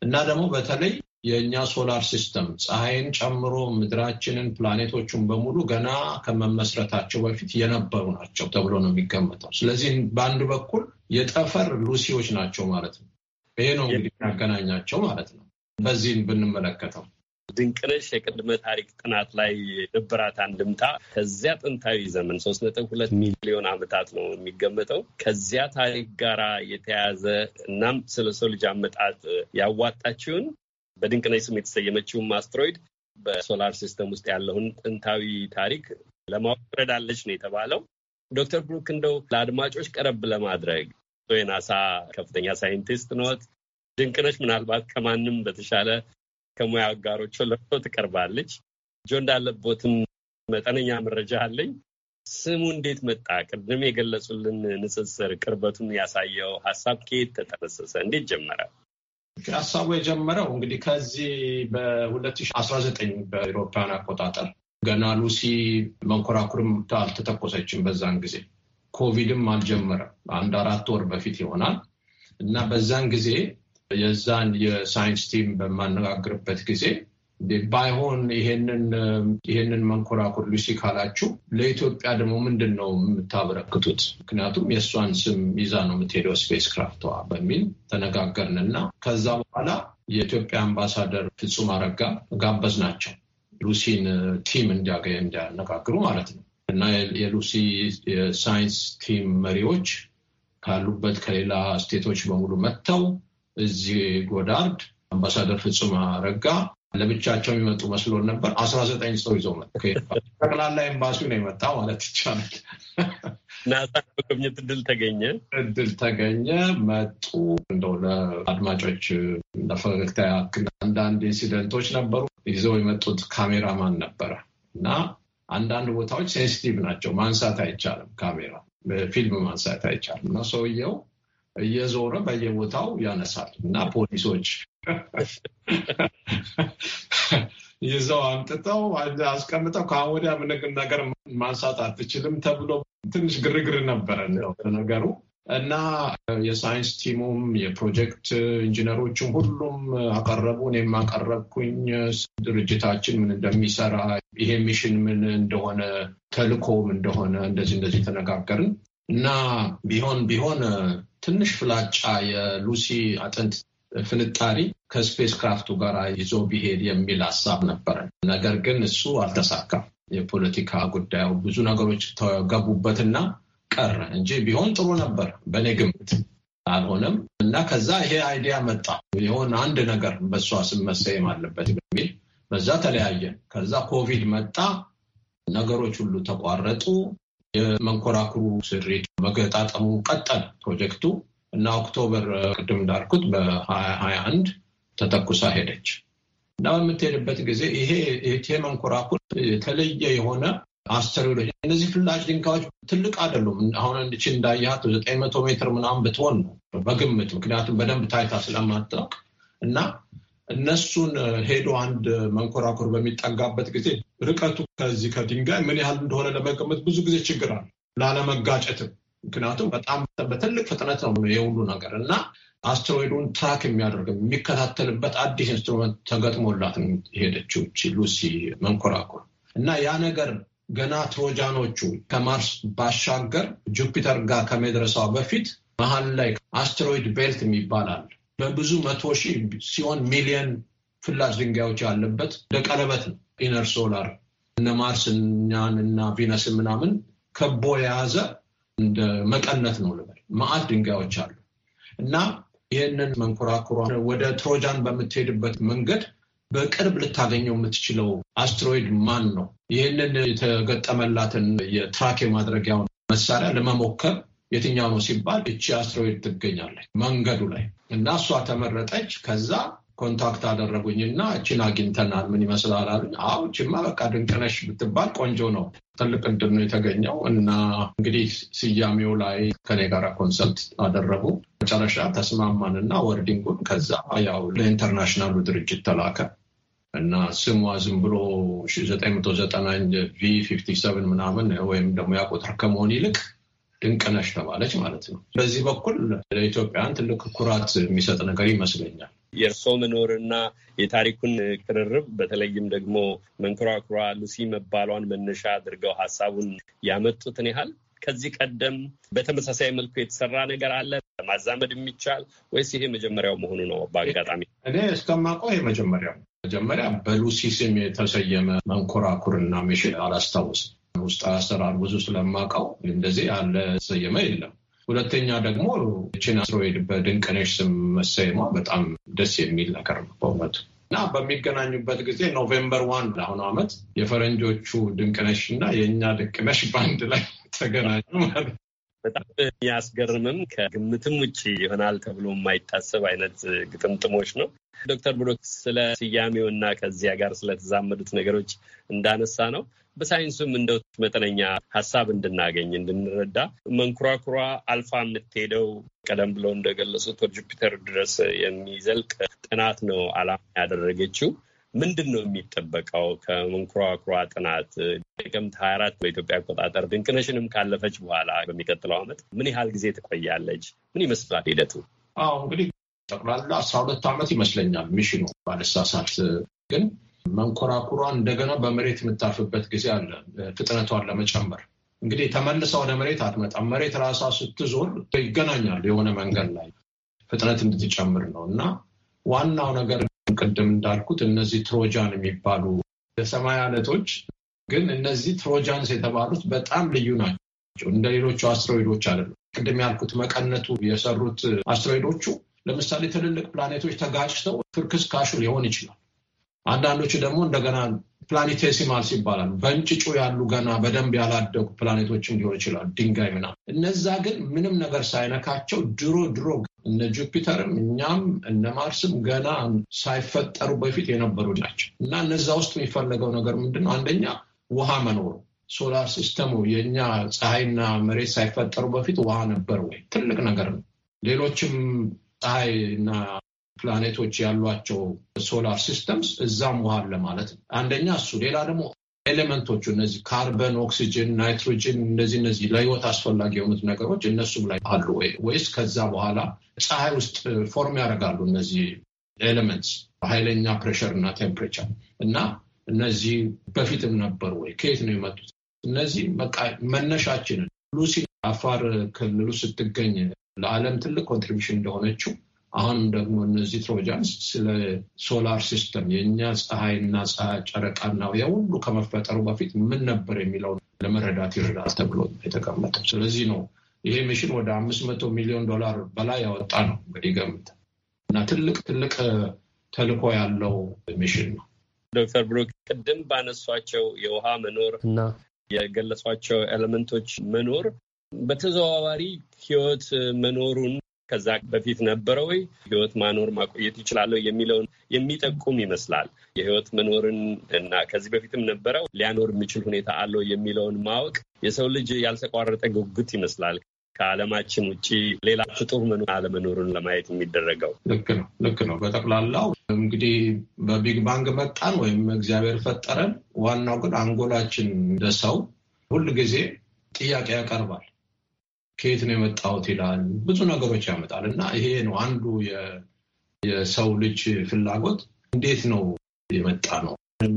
እና ደግሞ በተለይ የእኛ ሶላር ሲስተም ፀሐይን ጨምሮ ምድራችንን ፕላኔቶቹን በሙሉ ገና ከመመስረታቸው በፊት የነበሩ ናቸው ተብሎ ነው የሚገመተው። ስለዚህ በአንድ በኩል የጠፈር ሉሲዎች ናቸው ማለት ነው። ይሄ ነው እንግዲህ ያገናኛቸው ማለት ነው። በዚህን ብንመለከተው ድንቅነሽ የቅድመ ታሪክ ጥናት ላይ የነበራት አንድምታ ከዚያ ጥንታዊ ዘመን ሶስት ነጥብ ሁለት ሚሊዮን ዓመታት ነው የሚገመጠው ከዚያ ታሪክ ጋር የተያያዘ እናም ስለ ሰው ልጅ አመጣጥ ያዋጣችውን በድንቅነች ስም የተሰየመችውም ማስትሮይድ በሶላር ሲስተም ውስጥ ያለውን ጥንታዊ ታሪክ ለማወቅ ትረዳለች ነው የተባለው። ዶክተር ብሩክ እንደው ለአድማጮች ቀረብ ለማድረግ የናሳ ከፍተኛ ሳይንቲስት ነት ድንቅነሽ ምናልባት ከማንም በተሻለ ከሙያ አጋሮች ለቶ ትቀርባለች። ጆ እንዳለቦትም መጠነኛ መረጃ አለኝ። ስሙ እንዴት መጣ? ቅድም የገለጹልን ንጽጽር ቅርበቱን ያሳየው ሀሳብ ከየት ተጠነሰሰ? እንዴት ጀመረ? ሀሳቡ የጀመረው እንግዲህ ከዚህ በ2019 በአውሮፓውያን አቆጣጠር ገና ሉሲ መንኮራኩርም አልተተኮሰችም። በዛን ጊዜ ኮቪድም አልጀመረም። አንድ አራት ወር በፊት ይሆናል እና በዛን ጊዜ የዛን የሳይንስ ቲም በማነጋግርበት ጊዜ ባይሆን ይሄንን መንኮራኩር ሉሲ ካላችሁ ለኢትዮጵያ ደግሞ ምንድን ነው የምታበረክቱት? ምክንያቱም የእሷን ስም ይዛ ነው የምትሄደው ስፔስ ክራፍቷ በሚል ተነጋገርን እና ከዛ በኋላ የኢትዮጵያ አምባሳደር ፍጹም አረጋ ጋበዝ ናቸው ሉሲን ቲም እንዲያገ እንዲያነጋግሩ ማለት ነው። እና የሉሲ የሳይንስ ቲም መሪዎች ካሉበት ከሌላ ስቴቶች በሙሉ መጥተው እዚህ ጎዳርድ አምባሳደር ፍጹም አረጋ ለብቻቸው የሚመጡ መስሎን ነበር። አስራ ዘጠኝ ሰው ይዘው መ ጠቅላላ ኤምባሲው ነው የመጣ ማለት ይቻላል። ናሳ መጎብኘት እድል ተገኘ እድል ተገኘ መጡ። እንደው ለአድማጮች ለፈገግታ ያክል አንዳንድ ኢንሲደንቶች ነበሩ። ይዘው የመጡት ካሜራማን ነበረ እና አንዳንድ ቦታዎች ሴንሲቲቭ ናቸው፣ ማንሳት አይቻልም። ካሜራ ፊልም ማንሳት አይቻልም እና ሰውየው እየዞረ በየቦታው ያነሳል እና ፖሊሶች ይዘው አምጥተው አስቀምጠው ከአሁን ወዲያ ምን ነገር ማንሳት አትችልም ተብሎ ትንሽ ግርግር ነበረ ነገሩ እና የሳይንስ ቲሙም የፕሮጀክት ኢንጂነሮችም ሁሉም አቀረቡ። እኔም አቀረብኩኝ። ድርጅታችን ምን እንደሚሰራ ይሄ ሚሽን ምን እንደሆነ ተልኮም እንደሆነ እንደዚህ እንደዚህ ተነጋገርን እና ቢሆን ቢሆን ትንሽ ፍላጫ የሉሲ አጥንት ፍንጣሪ ከስፔስ ክራፍቱ ጋር ይዞ ቢሄድ የሚል ሀሳብ ነበረ። ነገር ግን እሱ አልተሳካም። የፖለቲካ ጉዳዩ ብዙ ነገሮች ተገቡበትና ቀረ እንጂ ቢሆን ጥሩ ነበር በእኔ ግምት። አልሆነም እና ከዛ ይሄ አይዲያ መጣ። የሆነ አንድ ነገር በእሷ ስም መሰየም አለበት በሚል በዛ ተለያየን። ከዛ ኮቪድ መጣ። ነገሮች ሁሉ ተቋረጡ። የመንኮራኩሩ ስሪት መገጣጠሙ ቀጠለ ፕሮጀክቱ እና ኦክቶበር ቅድም እንዳልኩት በ2021 ተተኩሳ ሄደች እና በምትሄድበት ጊዜ ይሄ መንኮራኩር የተለየ የሆነ አስተሪሎች እነዚህ ፍላሽ ድንጋዮች ትልቅ አይደሉም። አሁን እንድች እንዳያት ዘጠኝ መቶ ሜትር ምናምን ብትሆን ነው በግምት ምክንያቱም በደንብ ታይታ ስለማታውቅ እና እነሱን ሄዶ አንድ መንኮራኩር በሚጠጋበት ጊዜ ርቀቱ ከዚህ ከድንጋይ ምን ያህል እንደሆነ ለመገመት ብዙ ጊዜ ችግር አለ። ላለመጋጨትም ምክንያቱም በጣም በትልቅ ፍጥነት ነው የሁሉ ነገር እና አስትሮይዱን ትራክ የሚያደርግ የሚከታተልበት አዲስ ኢንስትሩመንት ተገጥሞላት ሄደችው ሉሲ መንኮራኩር እና ያ ነገር ገና ትሮጃኖቹ ከማርስ ባሻገር ጁፒተር ጋር ከመድረሷ በፊት መሀል ላይ አስትሮይድ ቤልት የሚባል አለ። በብዙ መቶ ሺህ ሲሆን ሚሊየን ፍላጭ ድንጋዮች ያለበት ለቀለበት ነው። ኢነር ሶላር እነ ማርስ እኛን እና ቪነስ ምናምን ከቦ የያዘ እንደ መቀነት ነው ልበል። መዓት ድንጋዮች አሉ እና ይህንን መንኮራኩሯ ወደ ትሮጃን በምትሄድበት መንገድ በቅርብ ልታገኘው የምትችለው አስትሮይድ ማን ነው? ይህንን የተገጠመላትን የትራክ የማድረጊያውን መሳሪያ ለመሞከር የትኛው ነው ሲባል እቺ አስትሮይድ ትገኛለች መንገዱ ላይ እና እሷ ተመረጠች። ከዛ ኮንታክት አደረጉኝ እና እችን አግኝተናል፣ ምን ይመስላል አሉኝ። አዎ እችማ በቃ ድንቅነሽ ብትባል ቆንጆ ነው፣ ትልቅ እድል ነው የተገኘው እና እንግዲህ ስያሜው ላይ ከኔ ጋር ኮንሰልት አደረጉ። መጨረሻ ተስማማን እና ወርዲንጉን ከዛ ያው ለኢንተርናሽናሉ ድርጅት ተላከ እና ስሟ ዝም ብሎ 990 ቪ57 ምናምን ወይም ደግሞ ያቆጥር ከመሆን ይልቅ ድንቅነሽ ተባለች ማለት ነው። በዚህ በኩል ለኢትዮጵያን ትልቅ ኩራት የሚሰጥ ነገር ይመስለኛል። የእርስዎ መኖርና የታሪኩን ቅርርብ በተለይም ደግሞ መንኮራኩሯ ሉሲ መባሏን መነሻ አድርገው ሀሳቡን ያመጡትን ያህል ከዚህ ቀደም በተመሳሳይ መልኩ የተሰራ ነገር አለ ለማዛመድ የሚቻል ወይስ ይሄ መጀመሪያው መሆኑ ነው? በአጋጣሚ እኔ እስከማውቀው ይሄ መጀመሪያው መጀመሪያ በሉሲ ስም የተሰየመ መንኮራኩርና ሚሽል አላስታውስም። ውስጥ አሰራር ብዙ ስለማውቀው እንደዚህ ያለ ሰየመ የለም። ሁለተኛ ደግሞ ቺን አስትሮይድ በድንቅነሽ ስም መሰየሟ በጣም ደስ የሚል ነገር ነው በእውነቱ እና በሚገናኙበት ጊዜ ኖቬምበር ዋን ለአሁኑ ዓመት የፈረንጆቹ ድንቅነሽ እና የእኛ ድንቅነሽ በአንድ ላይ ተገናኙ ማለት በጣም የሚያስገርምም ከግምትም ውጭ ይሆናል ተብሎ የማይታሰብ አይነት ግጥምጥሞች ነው። ዶክተር ብሎክ ስለ እና ከዚያ ጋር ስለተዛመዱት ነገሮች እንዳነሳ ነው በሳይንሱም እንደው መጠነኛ ሀሳብ እንድናገኝ እንድንረዳ መንኩራኩሯ አልፋ የምትሄደው ቀደም ብለው እንደገለጹት ወደ ጁፒተር ድረስ የሚዘልቅ ጥናት ነው አላማ ያደረገችው። ምንድን ነው የሚጠበቀው ከመንኮራኩሯ ጥናት? ጥቅምት 24 በኢትዮጵያ አቆጣጠር ድንቅነሽንም ካለፈች በኋላ በሚቀጥለው ዓመት ምን ያህል ጊዜ ትቆያለች? ምን ይመስላል ሂደቱ? አዎ እንግዲህ ጠቅላላ አስራ ሁለት ዓመት ይመስለኛል ሚሽኑ ባለሳሳት ግን መንኮራኩሯ እንደገና በመሬት የምታርፍበት ጊዜ አለ። ፍጥነቷን ለመጨመር እንግዲህ ተመልሳ ወደ መሬት አትመጣም። መሬት ራሷ ስትዞር ይገናኛሉ የሆነ መንገድ ላይ ፍጥነት እንድትጨምር ነው እና ዋናው ነገር ቅድም እንዳልኩት እነዚህ ትሮጃን የሚባሉ የሰማይ አለቶች ግን እነዚህ ትሮጃንስ የተባሉት በጣም ልዩ ናቸው። እንደ ሌሎቹ አስትሮይዶች አይደለም። ቅድም ያልኩት መቀነቱ የሰሩት አስትሮይዶቹ ለምሳሌ ትልልቅ ፕላኔቶች ተጋጭተው ፍርክስካሹ ሊሆን ይችላል። አንዳንዶቹ ደግሞ እንደገና ፕላኔቴሲማልስ ይባላሉ። በእንጭጩ ያሉ ገና በደንብ ያላደጉ ፕላኔቶችም ሊሆን ይችላሉ ድንጋይ ምናምን። እነዛ ግን ምንም ነገር ሳይነካቸው ድሮ ድሮ እነ ጁፒተርም እኛም እነ ማርስም ገና ሳይፈጠሩ በፊት የነበሩ ናቸው እና እነዛ ውስጥ የሚፈለገው ነገር ምንድን ነው? አንደኛ ውሃ መኖሩ ሶላር ሲስተሙ የእኛ ፀሐይና መሬት ሳይፈጠሩ በፊት ውሃ ነበር ወይ? ትልቅ ነገር ነው። ሌሎችም ፀሐይና ፕላኔቶች ያሏቸው ሶላር ሲስተምስ እዛ ውሃል ለማለት ነው። አንደኛ እሱ። ሌላ ደግሞ ኤሌመንቶቹ እነዚህ ካርበን፣ ኦክሲጅን፣ ናይትሮጅን እነዚህ እነዚህ ለህይወት አስፈላጊ የሆኑት ነገሮች እነሱም ላይ አሉ ወይ ወይስ ከዛ በኋላ ፀሐይ ውስጥ ፎርም ያደርጋሉ እነዚህ ኤሌመንትስ ኃይለኛ ፕሬሸር እና ቴምፕሬቸር እና እነዚህ በፊትም ነበሩ ወይ ከየት ነው የመጡት? እነዚህ በቃ መነሻችንን ሉሲ አፋር ክልሉ ስትገኝ ለዓለም ትልቅ ኮንትሪቢሽን እንደሆነችው አሁንም ደግሞ እነዚህ ትሮጃንስ ስለ ሶላር ሲስተም የእኛ ፀሐይና ፀሐይ ጨረቃና የሁሉ ከመፈጠሩ በፊት ምን ነበር የሚለው ለመረዳት ይረዳል ተብሎ የተቀመጠው። ስለዚህ ነው ይሄ ሚሽን ወደ አምስት መቶ ሚሊዮን ዶላር በላይ ያወጣ ነው እንግዲህ ገምት እና ትልቅ ትልቅ ተልዕኮ ያለው ሚሽን ነው። ዶክተር ብሩክ ቅድም ባነሷቸው የውሃ መኖር እና የገለጿቸው ኤሌመንቶች መኖር በተዘዋዋሪ ህይወት መኖሩን ከዛ በፊት ነበረ ወይ ህይወት ማኖር ማቆየት ይችላለሁ የሚለውን የሚጠቁም ይመስላል። የህይወት መኖርን እና ከዚህ በፊትም ነበረው ሊያኖር የሚችል ሁኔታ አለው የሚለውን ማወቅ የሰው ልጅ ያልተቋረጠ ጉጉት ይመስላል። ከዓለማችን ውጭ ሌላ ፍጡር መኖር አለመኖሩን ለማየት የሚደረገው ልክ ነው። ልክ ነው። በጠቅላላው እንግዲህ በቢግ ባንግ መጣን ወይም እግዚአብሔር ፈጠረን። ዋናው ግን አንጎላችን እንደ ሰው ሁል ጊዜ ጥያቄ ያቀርባል። ከየት ነው የመጣሁት ይላል። ብዙ ነገሮች ያመጣል እና ይሄ ነው አንዱ የሰው ልጅ ፍላጎት እንዴት ነው የመጣ ነው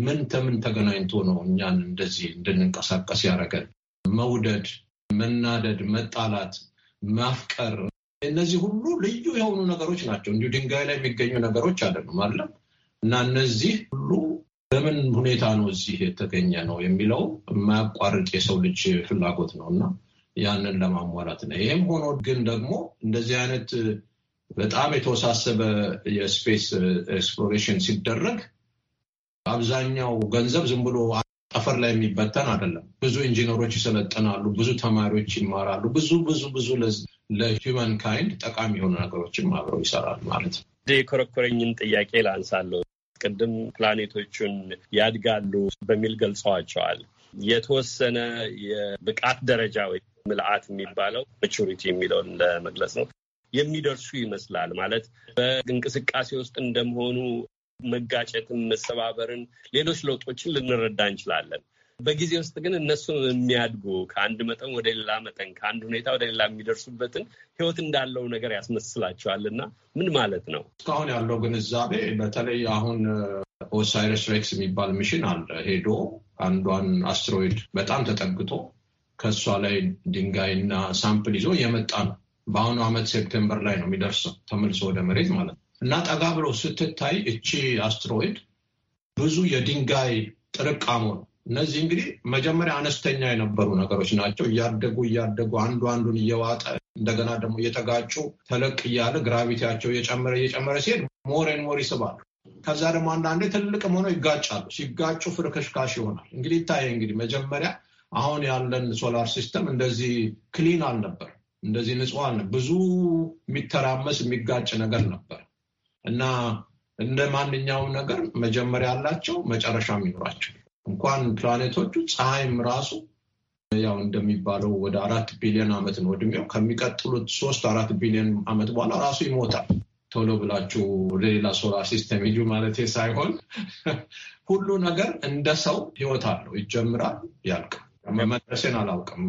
ምን ተምን ተገናኝቶ ነው እኛን እንደዚህ እንድንንቀሳቀስ ያደረገን? መውደድ፣ መናደድ፣ መጣላት፣ ማፍቀር እነዚህ ሁሉ ልዩ የሆኑ ነገሮች ናቸው። እንዲሁ ድንጋይ ላይ የሚገኙ ነገሮች አይደሉም አይደለም። እና እነዚህ ሁሉ በምን ሁኔታ ነው እዚህ የተገኘ ነው የሚለው የማያቋርጥ የሰው ልጅ ፍላጎት ነው እና ያንን ለማሟላት ነው። ይህም ሆኖ ግን ደግሞ እንደዚህ አይነት በጣም የተወሳሰበ የስፔስ ኤክስፕሎሬሽን ሲደረግ አብዛኛው ገንዘብ ዝም ብሎ ጠፈር ላይ የሚበተን አይደለም። ብዙ ኢንጂነሮች ይሰለጥናሉ፣ ብዙ ተማሪዎች ይማራሉ፣ ብዙ ብዙ ብዙ ለሂውማን ካይንድ ጠቃሚ የሆኑ ነገሮችን አብረው ይሰራል ማለት ነው። የኮረኮረኝን ጥያቄ ላንሳለሁ። ቅድም ፕላኔቶቹን ያድጋሉ በሚል ገልጸዋቸዋል። የተወሰነ የብቃት ደረጃ ወይ ምልአት የሚባለው መቹሪቲ የሚለውን ለመግለጽ ነው የሚደርሱ ይመስላል ማለት በእንቅስቃሴ ውስጥ እንደመሆኑ መጋጨትን፣ መሰባበርን፣ ሌሎች ለውጦችን ልንረዳ እንችላለን። በጊዜ ውስጥ ግን እነሱን የሚያድጉ ከአንድ መጠን ወደ ሌላ መጠን ከአንድ ሁኔታ ወደ ሌላ የሚደርሱበትን ህይወት እንዳለው ነገር ያስመስላቸዋል እና ምን ማለት ነው? እስካሁን ያለው ግንዛቤ በተለይ አሁን ኦሳይረስ ሬክስ የሚባል ሚሽን አለ ሄዶ አንዷን አስትሮይድ በጣም ተጠግቶ ከእሷ ላይ ድንጋይና ሳምፕል ይዞ የመጣ ነው። በአሁኑ ዓመት ሴፕቴምበር ላይ ነው የሚደርሰው ተመልሶ ወደ መሬት ማለት ነው። እና ጠጋ ብሎ ስትታይ እቺ አስትሮይድ ብዙ የድንጋይ ጥርቃሞ ነው። እነዚህ እንግዲህ መጀመሪያ አነስተኛ የነበሩ ነገሮች ናቸው። እያደጉ እያደጉ አንዱ አንዱን እየዋጠ እንደገና ደግሞ እየተጋጩ ተለቅ እያለ ግራቪቲያቸው እየጨመረ እየጨመረ ሲሄድ ሞሬን ሞር ይስባሉ። ከዛ ደግሞ አንዳንዴ ትልቅም ሆነው ይጋጫሉ። ሲጋጩ ፍርክሽካሽ ይሆናል። እንግዲህ ይታየ እንግዲህ መጀመሪያ አሁን ያለን ሶላር ሲስተም እንደዚህ ክሊን አልነበር፣ እንደዚህ ንጹህ አልነበር። ብዙ የሚተራመስ የሚጋጭ ነገር ነበር እና እንደ ማንኛውም ነገር መጀመሪያ አላቸው መጨረሻ የሚኖራቸው እንኳን ፕላኔቶቹ ፀሐይም ራሱ ያው እንደሚባለው ወደ አራት ቢሊዮን ዓመት ነው እድሜው። ከሚቀጥሉት ሶስት አራት ቢሊዮን ዓመት በኋላ ራሱ ይሞታል። ቶሎ ብላችሁ ወደ ሌላ ሶላር ሲስተም ሂዱ ማለት ሳይሆን ሁሉ ነገር እንደ ሰው ህይወት አለው፣ ይጀምራል፣ ያልቃል። መመለስን አላውቅም።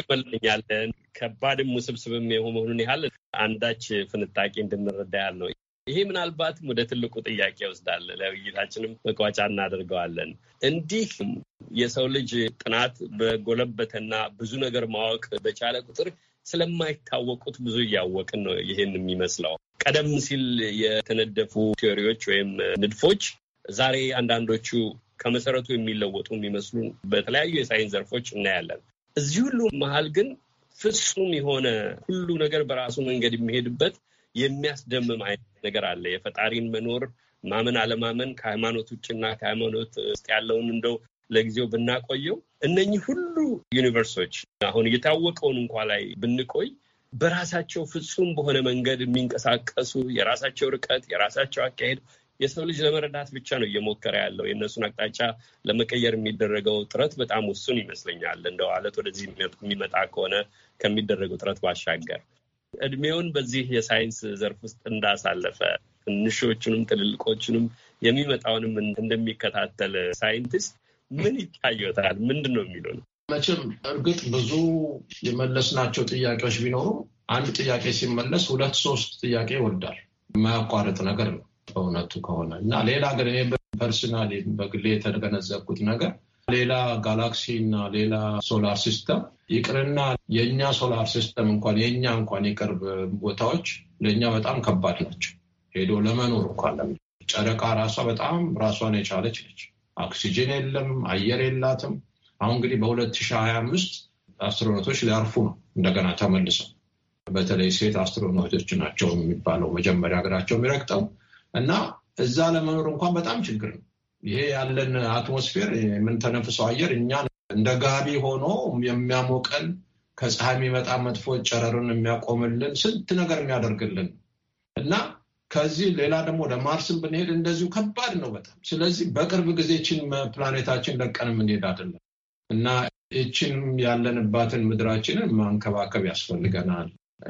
ቅበልኛለን ከባድም ውስብስብም የመሆኑን ያህል አንዳች ፍንጣቂ እንድንረዳ ያል ነው። ይሄ ምናልባትም ወደ ትልቁ ጥያቄ ይወስዳል። ለውይይታችንም መቋጫ እናደርገዋለን። እንዲህ የሰው ልጅ ጥናት በጎለበተና ብዙ ነገር ማወቅ በቻለ ቁጥር ስለማይታወቁት ብዙ እያወቅን ነው። ይህን የሚመስለው ቀደም ሲል የተነደፉ ቴዎሪዎች ወይም ንድፎች ዛሬ አንዳንዶቹ ከመሰረቱ የሚለወጡ የሚመስሉን በተለያዩ የሳይንስ ዘርፎች እናያለን። እዚህ ሁሉ መሀል ግን ፍጹም የሆነ ሁሉ ነገር በራሱ መንገድ የሚሄድበት የሚያስደምም አይነት ነገር አለ። የፈጣሪን መኖር ማመን አለማመን ከሃይማኖት ውጭና ከሃይማኖት ውስጥ ያለውን እንደው ለጊዜው ብናቆየው እነኚህ ሁሉ ዩኒቨርሶች አሁን የታወቀውን እንኳ ላይ ብንቆይ በራሳቸው ፍጹም በሆነ መንገድ የሚንቀሳቀሱ የራሳቸው ርቀት፣ የራሳቸው አካሄድ፣ የሰው ልጅ ለመረዳት ብቻ ነው እየሞከረ ያለው። የእነሱን አቅጣጫ ለመቀየር የሚደረገው ጥረት በጣም ውሱን ይመስለኛል። እንደው አለት ወደዚህ የሚመጣ ከሆነ ከሚደረገው ጥረት ባሻገር እድሜውን በዚህ የሳይንስ ዘርፍ ውስጥ እንዳሳለፈ ትንሾቹንም ትልልቆቹንም የሚመጣውንም እንደሚከታተል ሳይንቲስት ምን ይታየታል? ምንድን ነው የሚለው ነው። መቼም እርግጥ ብዙ የመለስናቸው ጥያቄዎች ቢኖሩ አንድ ጥያቄ ሲመለስ ሁለት ሶስት ጥያቄ ይወዳል። የማያቋርጥ ነገር ነው። በእውነቱ ከሆነ እና ሌላ ግን እኔ ፐርሰናሊ በግሌ የተገነዘብኩት ነገር ሌላ ጋላክሲ እና ሌላ ሶላር ሲስተም ይቅርና የእኛ ሶላር ሲስተም እንኳን የእኛ እንኳን የቅርብ ቦታዎች ለእኛ በጣም ከባድ ናቸው። ሄዶ ለመኖር እንኳን ለሚ ጨረቃ ራሷ በጣም ራሷን የቻለች ነች። ኦክሲጅን የለም፣ አየር የላትም። አሁን እንግዲህ በ2025 አስትሮኖቶች ሊያርፉ ነው እንደገና ተመልሰው። በተለይ ሴት አስትሮኖቶች ናቸው የሚባለው መጀመሪያ ሀገራቸው የሚረግጠው እና እዛ ለመኖር እንኳን በጣም ችግር ነው። ይሄ ያለን አትሞስፌር የምንተነፍሰው አየር እኛ እንደ ጋቢ ሆኖ የሚያሞቀን ከፀሐይ የሚመጣ መጥፎ ጨረርን የሚያቆምልን ስንት ነገር የሚያደርግልን እና ከዚህ ሌላ ደግሞ ወደ ማርስን ብንሄድ እንደዚሁ ከባድ ነው በጣም። ስለዚህ በቅርብ ጊዜችን ፕላኔታችን ለቀን የምንሄድ አይደለም እና ይችን ያለንባትን ምድራችንን ማንከባከብ ያስፈልገናል።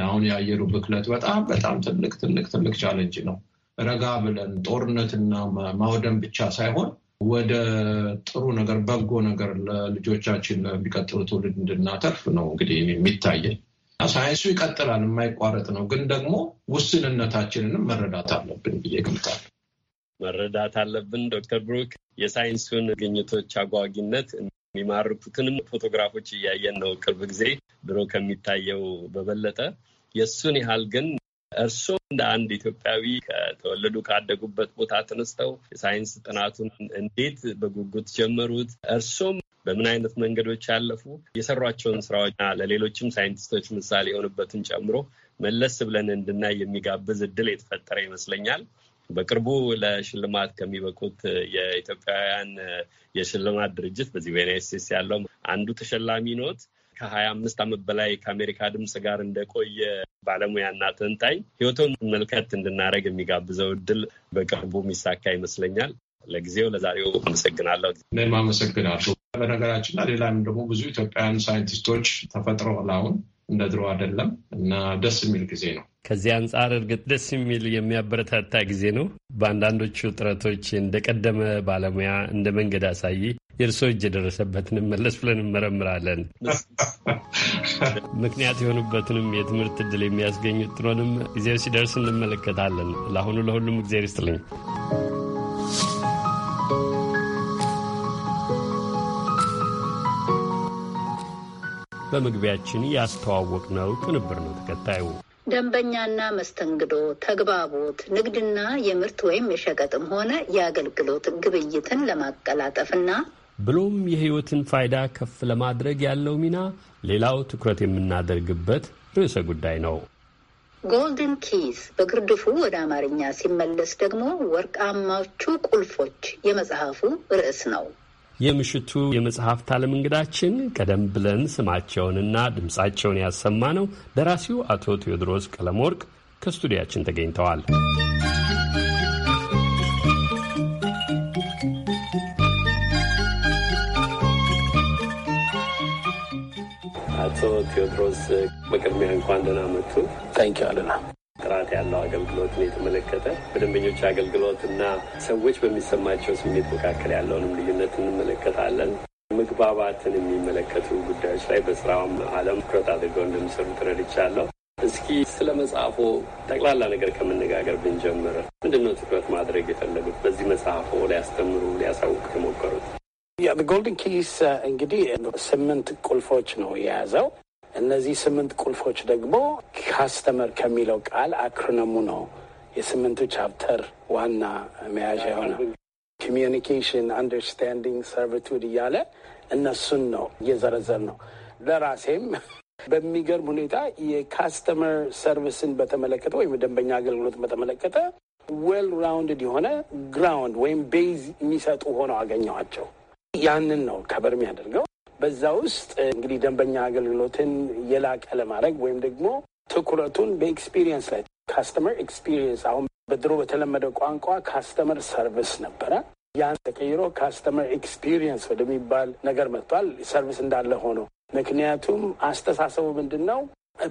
አሁን የአየሩ ብክለት በጣም በጣም ትልቅ ትልቅ ትልቅ ቻለንጅ ነው። ረጋ ብለን ጦርነትና ማውደም ብቻ ሳይሆን ወደ ጥሩ ነገር በጎ ነገር ለልጆቻችን ለሚቀጥሉ ትውልድ እንድናተርፍ ነው እንግዲህ የሚታየኝ። ሳይንሱ ይቀጥላል፣ የማይቋረጥ ነው። ግን ደግሞ ውስንነታችንንም መረዳት አለብን ብዬ እገምታለሁ። መረዳት አለብን። ዶክተር ብሩክ የሳይንሱን ግኝቶች አጓጊነት የሚማርኩትንም ፎቶግራፎች እያየን ነው። ቅርብ ጊዜ ድሮ ከሚታየው በበለጠ የእሱን ያህል ግን እርስዎ እንደ አንድ ኢትዮጵያዊ ከተወለዱ ካደጉበት ቦታ ተነስተው የሳይንስ ጥናቱን እንዴት በጉጉት ጀመሩት? እርስዎም በምን አይነት መንገዶች ያለፉ የሰሯቸውን ስራዎችና ለሌሎችም ሳይንቲስቶች ምሳሌ የሆኑበትን ጨምሮ መለስ ብለን እንድናይ የሚጋብዝ እድል የተፈጠረ ይመስለኛል። በቅርቡ ለሽልማት ከሚበቁት የኢትዮጵያውያን የሽልማት ድርጅት በዚህ በዩናይት ስቴትስ ያለው አንዱ ተሸላሚ ኖት። ከሀያ አምስት ዓመት በላይ ከአሜሪካ ድምፅ ጋር እንደቆየ ባለሙያና ተንታኝ ህይወቱን መልከት እንድናደረግ የሚጋብዘው እድል በቅርቡ የሚሳካ ይመስለኛል። ለጊዜው ለዛሬው አመሰግናለሁ። እኔም አመሰግናለሁ። በነገራችን ላይ ሌላም ደግሞ ብዙ ኢትዮጵያውያን ሳይንቲስቶች ተፈጥረዋል። አሁን እንደ ድሮ አይደለም እና ደስ የሚል ጊዜ ነው። ከዚህ አንጻር እርግጥ ደስ የሚል የሚያበረታታ ጊዜ ነው። በአንዳንዶቹ ጥረቶች እንደቀደመ ባለሙያ እንደ መንገድ አሳይ የእርስዎ እጅ የደረሰበትንም መለስ ብለን እንመረምራለን። ምክንያት የሆኑበትንም የትምህርት እድል የሚያስገኝ ጥኖንም ጊዜው ሲደርስ እንመለከታለን። ለአሁኑ ለሁሉም እግዜር ይስጥልኝ። በመግቢያችን ያስተዋወቅነው ቅንብር ነው ተከታዩ ደንበኛና መስተንግዶ፣ ተግባቦት፣ ንግድና የምርት ወይም የሸቀጥም ሆነ የአገልግሎት ግብይትን ለማቀላጠፍና ብሎም የሕይወትን ፋይዳ ከፍ ለማድረግ ያለው ሚና ሌላው ትኩረት የምናደርግበት ርዕሰ ጉዳይ ነው። ጎልደን ኪዝ በግርድፉ ወደ አማርኛ ሲመለስ ደግሞ ወርቃማዎቹ ቁልፎች የመጽሐፉ ርዕስ ነው። የምሽቱ የመጽሐፍት ታለም እንግዳችን ቀደም ብለን ስማቸውንና ድምፃቸውን ያሰማ ነው ደራሲው አቶ ቴዎድሮስ ቀለመወርቅ ከስቱዲያችን ተገኝተዋል። ቴዎድሮስ በቅድሚያ እንኳን ደህና መጡ። ታንኪ አለና ጥራት ያለው አገልግሎትን የተመለከተ በደንበኞች አገልግሎት እና ሰዎች በሚሰማቸው ስሜት መካከል ያለውንም ልዩነት እንመለከታለን። መግባባትን የሚመለከቱ ጉዳዮች ላይ በስራውም አለም ትኩረት አድርገው እንደሚሰሩ ተረድቻለሁ። እስኪ ስለ መጽሐፎ ጠቅላላ ነገር ከመነጋገር ብንጀምር ምንድን ነው ትኩረት ማድረግ የፈለጉት በዚህ መጽሐፎ ሊያስተምሩ ሊያሳውቁ የሞከሩት? ጎልደን ኪስ uh, እንግዲህ ስምንት ቁልፎች ነው የያዘው። እነዚህ ስምንት ቁልፎች ደግሞ ካስተመር ከሚለው ቃል አክሮኒሙ ነው የስምንቱ ቻፕተር ዋና መያዣ የሆነ ኮሚኒኬሽን፣ አንደርስታንዲንግ፣ ሰርቪቱድ እያለ እነሱን ነው እየዘረዘር ነው። ለራሴም በሚገርም ሁኔታ የካስተመር ሰርቪስን በተመለከተ ወይም ደንበኛ አገልግሎት በተመለከተ ዌል ራውንድድ የሆነ ግራውንድ ወይም ቤዝ የሚሰጡ ሆነው አገኘኋቸው። ያንን ነው ከበር የሚያደርገው። በዛ ውስጥ እንግዲህ ደንበኛ አገልግሎትን የላቀ ለማድረግ ወይም ደግሞ ትኩረቱን በኤክስፒሪየንስ ላይ ካስተመር ኤክስፒሪየንስ አሁን በድሮ በተለመደ ቋንቋ ካስተመር ሰርቪስ ነበረ። ያን ተቀይሮ ካስተመር ኤክስፒሪየንስ ወደሚባል ነገር መጥቷል። ሰርቪስ እንዳለ ሆኖ ምክንያቱም አስተሳሰቡ ምንድን ነው?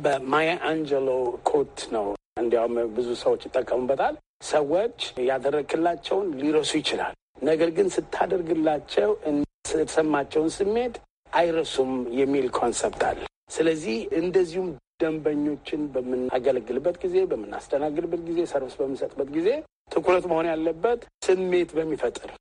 በማያ አንጀሎ ኮት ነው። እንዲያውም ብዙ ሰዎች ይጠቀሙበታል። ሰዎች ያደረግክላቸውን ሊረሱ ይችላል። ነገር ግን ስታደርግላቸው የተሰማቸውን ስሜት አይረሱም የሚል ኮንሰፕት አለ። ስለዚህ እንደዚሁም ደንበኞችን በምናገለግልበት ጊዜ፣ በምናስተናግድበት ጊዜ፣ ሰርቪስ በምንሰጥበት ጊዜ ትኩረት መሆን ያለበት ስሜት በሚፈጥር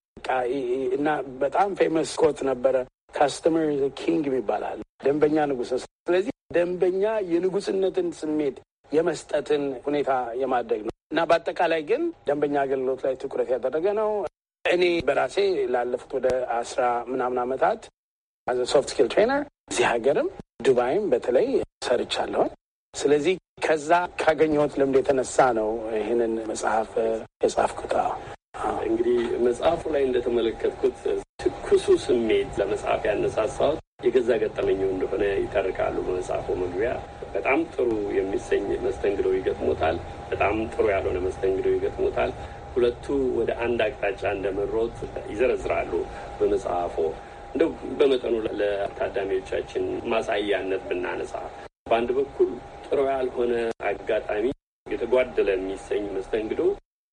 እና በጣም ፌመስ ኮት ነበረ ካስተመር ኪንግ ይባላል፣ ደንበኛ ንጉስ። ስለዚህ ደንበኛ የንጉስነትን ስሜት የመስጠትን ሁኔታ የማድረግ ነው እና በአጠቃላይ ግን ደንበኛ አገልግሎት ላይ ትኩረት ያደረገ ነው። እኔ በራሴ ላለፉት ወደ አስራ ምናምን ዓመታት አዘ ሶፍት ስኪል ትሬነር እዚህ ሀገርም ዱባይም በተለይ ሰርቻለሁኝ። ስለዚህ ከዛ ካገኘሁት ልምድ የተነሳ ነው ይህንን መጽሐፍ የጻፍኩት። እንግዲህ መጽሐፉ ላይ እንደተመለከትኩት ትኩሱ ስሜት ለመጽሐፍ ያነሳሳሁት የገዛ ገጠመኝ እንደሆነ ይተርካሉ። በመጽሐፉ መግቢያ በጣም ጥሩ የሚሰኝ መስተንግዶ ይገጥሞታል፣ በጣም ጥሩ ያልሆነ መስተንግዶ ይገጥሞታል። ሁለቱ ወደ አንድ አቅጣጫ እንደመሮት ይዘረዝራሉ በመጽሐፎ። እንደው በመጠኑ ለታዳሚዎቻችን ማሳያነት ብናነሳ በአንድ በኩል ጥሩ ያልሆነ አጋጣሚ የተጓደለ የሚሰኝ መስተንግዶ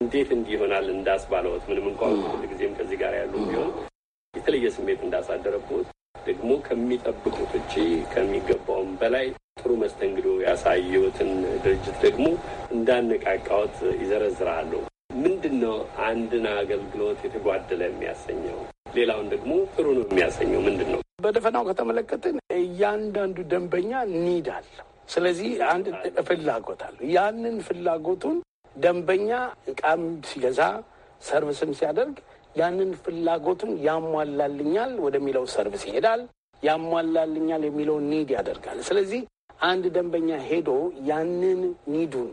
እንዴት እንዲህ ይሆናል እንዳስባለዎት ምንም እንኳን ጊዜም ከዚህ ጋር ያሉ ቢሆን የተለየ ስሜት እንዳሳደረቦት ደግሞ ከሚጠብቁት ውጪ ከሚገባውም በላይ ጥሩ መስተንግዶ ያሳየዎትን ድርጅት ደግሞ እንዳነቃቃዎት ይዘረዝራሉ። ምንድን ነው አንድን አገልግሎት የተጓደለ የሚያሰኘው? ሌላውን ደግሞ ጥሩ ነው የሚያሰኘው ምንድን ነው? በደፈናው ከተመለከትን እያንዳንዱ ደንበኛ ኒድ አለው። ስለዚህ አንድ ፍላጎት አለው። ያንን ፍላጎቱን ደንበኛ እቃም ሲገዛ ሰርቪስም ሲያደርግ ያንን ፍላጎቱን ያሟላልኛል ወደሚለው ሰርቪስ ይሄዳል። ያሟላልኛል የሚለውን ኒድ ያደርጋል። ስለዚህ አንድ ደንበኛ ሄዶ ያንን ኒዱን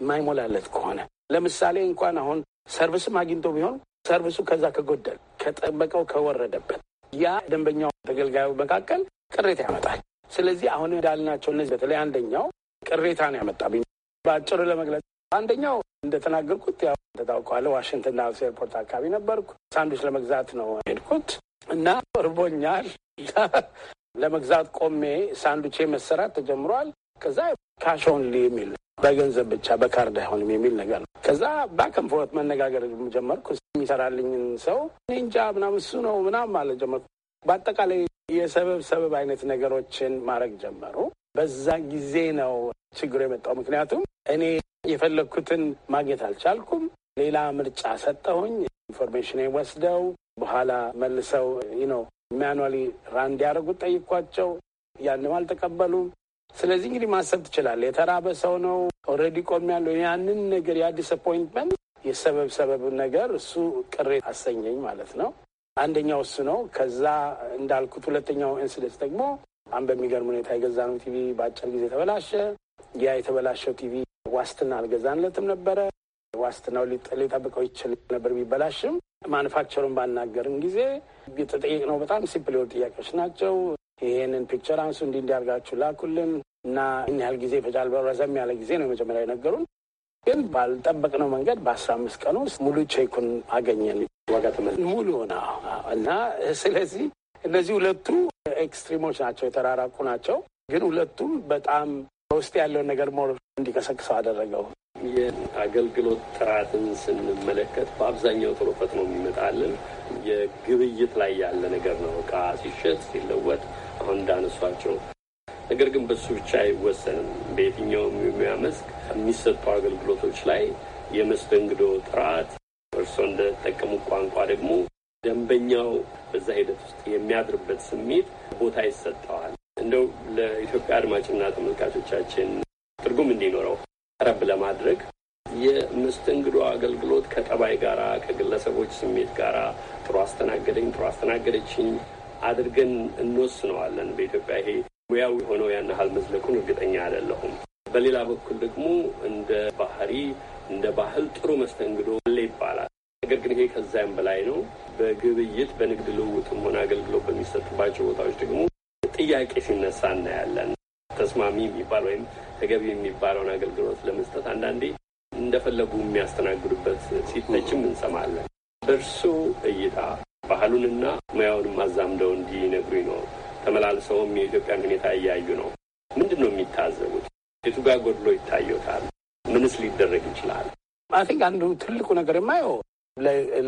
የማይሞላለት ከሆነ ለምሳሌ እንኳን አሁን ሰርቪስም አግኝቶ ቢሆን ሰርቪሱ ከዛ ከጎደል ከጠበቀው ከወረደበት ያ ደንበኛው ተገልጋዩ መካከል ቅሬታ ያመጣል። ስለዚህ አሁን እንዳልናቸው እነዚህ በተለይ አንደኛው ቅሬታ ነው ያመጣብኝ። በአጭሩ ለመግለጽ አንደኛው እንደተናገርኩት ያው ተታውቀዋለ ዋሽንግተን ዳላስ ኤርፖርት አካባቢ ነበርኩ። ሳንዱች ለመግዛት ነው ሄድኩት እና እርቦኛል። ለመግዛት ቆሜ ሳንዱቼ መሰራት ተጀምሯል። ከዛ ካሽ ኦንሊ የሚል በገንዘብ ብቻ በካርድ አይሆንም የሚል ነገር ነው። ከዛ ባከንፎት መነጋገር ጀመርኩ። የሚሰራልኝን ሰው እንጃ ምናምን እሱ ነው ምናምን ማለት ጀመርኩ። በአጠቃላይ የሰበብ ሰበብ አይነት ነገሮችን ማድረግ ጀመሩ። በዛ ጊዜ ነው ችግሩ የመጣው። ምክንያቱም እኔ የፈለግኩትን ማግኘት አልቻልኩም። ሌላ ምርጫ ሰጠሁኝ። ኢንፎርሜሽን ወስደው በኋላ መልሰው ነው ማኑዋሊ ራን እንዲያደርጉት ጠይኳቸው። ያንም አልተቀበሉም። ስለዚህ እንግዲህ ማሰብ ትችላለህ። የተራበ ሰው ነው ኦልሬዲ ቆም ያለው ያንን ነገር ያ የሰበብ ሰበብ ነገር እሱ ቅሬ አሰኘኝ ማለት ነው። አንደኛው እሱ ነው። ከዛ እንዳልኩት ሁለተኛው ኢንስደንስ ደግሞ አን በሚገርም ሁኔታ የገዛነው ቲቪ በአጭር ጊዜ ተበላሸ። ያ የተበላሸው ቲቪ ዋስትና አልገዛንለትም ነበረ። ዋስትናው ሊጠብቀው ይችል ነበር ቢበላሽም። ማኑፋክቸሩን ባናገርም ጊዜ የተጠየቅነው በጣም ሲምፕል የሆኑ ጥያቄዎች ናቸው። ይህንን ፒክቸር አንሱ እንዲ እንዲያርጋችሁ ላኩልን እና ምን ያህል ጊዜ ይፈጃል? በረዘም ያለ ጊዜ ነው የመጀመሪያ የነገሩን። ግን ባልጠበቅነው መንገድ በአስራ አምስት ቀን ውስጥ ሙሉ ቼኩን አገኘን። ዋጋ ሙሉ ሆነ እና ስለዚህ እነዚህ ሁለቱ ኤክስትሪሞች ናቸው፣ የተራራቁ ናቸው። ግን ሁለቱም በጣም በውስጥ ያለውን ነገር ሞር እንዲቀሰቅሰው አደረገው። የአገልግሎት ጥራትን ስንመለከት በአብዛኛው ቶሎ ፈጥኖ የሚመጣልን የግብይት ላይ ያለ ነገር ነው። እቃ ሲሸጥ ሲለወጥ አሁን እንዳነሷቸው ነገር ግን በሱ ብቻ አይወሰንም። በየትኛውም የሙያ መስክ የሚሰጡ አገልግሎቶች ላይ የመስተንግዶ ጥራት፣ እርስዎ እንደተጠቀሙ ቋንቋ ደግሞ ደንበኛው በዛ ሂደት ውስጥ የሚያድርበት ስሜት ቦታ ይሰጠዋል። እንደው ለኢትዮጵያ አድማጭና ተመልካቾቻችን ትርጉም እንዲኖረው ቀረብ ለማድረግ የመስተንግዶ አገልግሎት ከጠባይ ጋራ ከግለሰቦች ስሜት ጋራ ጥሩ አስተናገደኝ፣ ጥሩ አስተናገደችኝ አድርገን እንወስነዋለን። በኢትዮጵያ ይሄ ሙያዊ ሆነው ያን ያህል መዝለቁን እርግጠኛ አይደለሁም። በሌላ በኩል ደግሞ እንደ ባህሪ እንደ ባህል ጥሩ መስተንግዶ አለ ይባላል። ነገር ግን ይሄ ከዚያም በላይ ነው። በግብይት በንግድ ልውውጥም ሆነ አገልግሎት በሚሰጥባቸው ቦታዎች ደግሞ ጥያቄ ሲነሳ እናያለን። ተስማሚ የሚባል ወይም ተገቢ የሚባለውን አገልግሎት ለመስጠት አንዳንዴ እንደፈለጉ የሚያስተናግዱበት ሲተችም እንሰማለን። በእርሱ እይታ ባህሉንና ሙያውንም አዛምደው እንዲነግሩኝ ነው። ተመላልሰውም የኢትዮጵያን ሁኔታ እያዩ ነው። ምንድን ነው የሚታዘቡት? የቱ ጋር ጎድሎ ይታየታል? ምንስ ሊደረግ ይችላል? አን አንዱ ትልቁ ነገር የማየው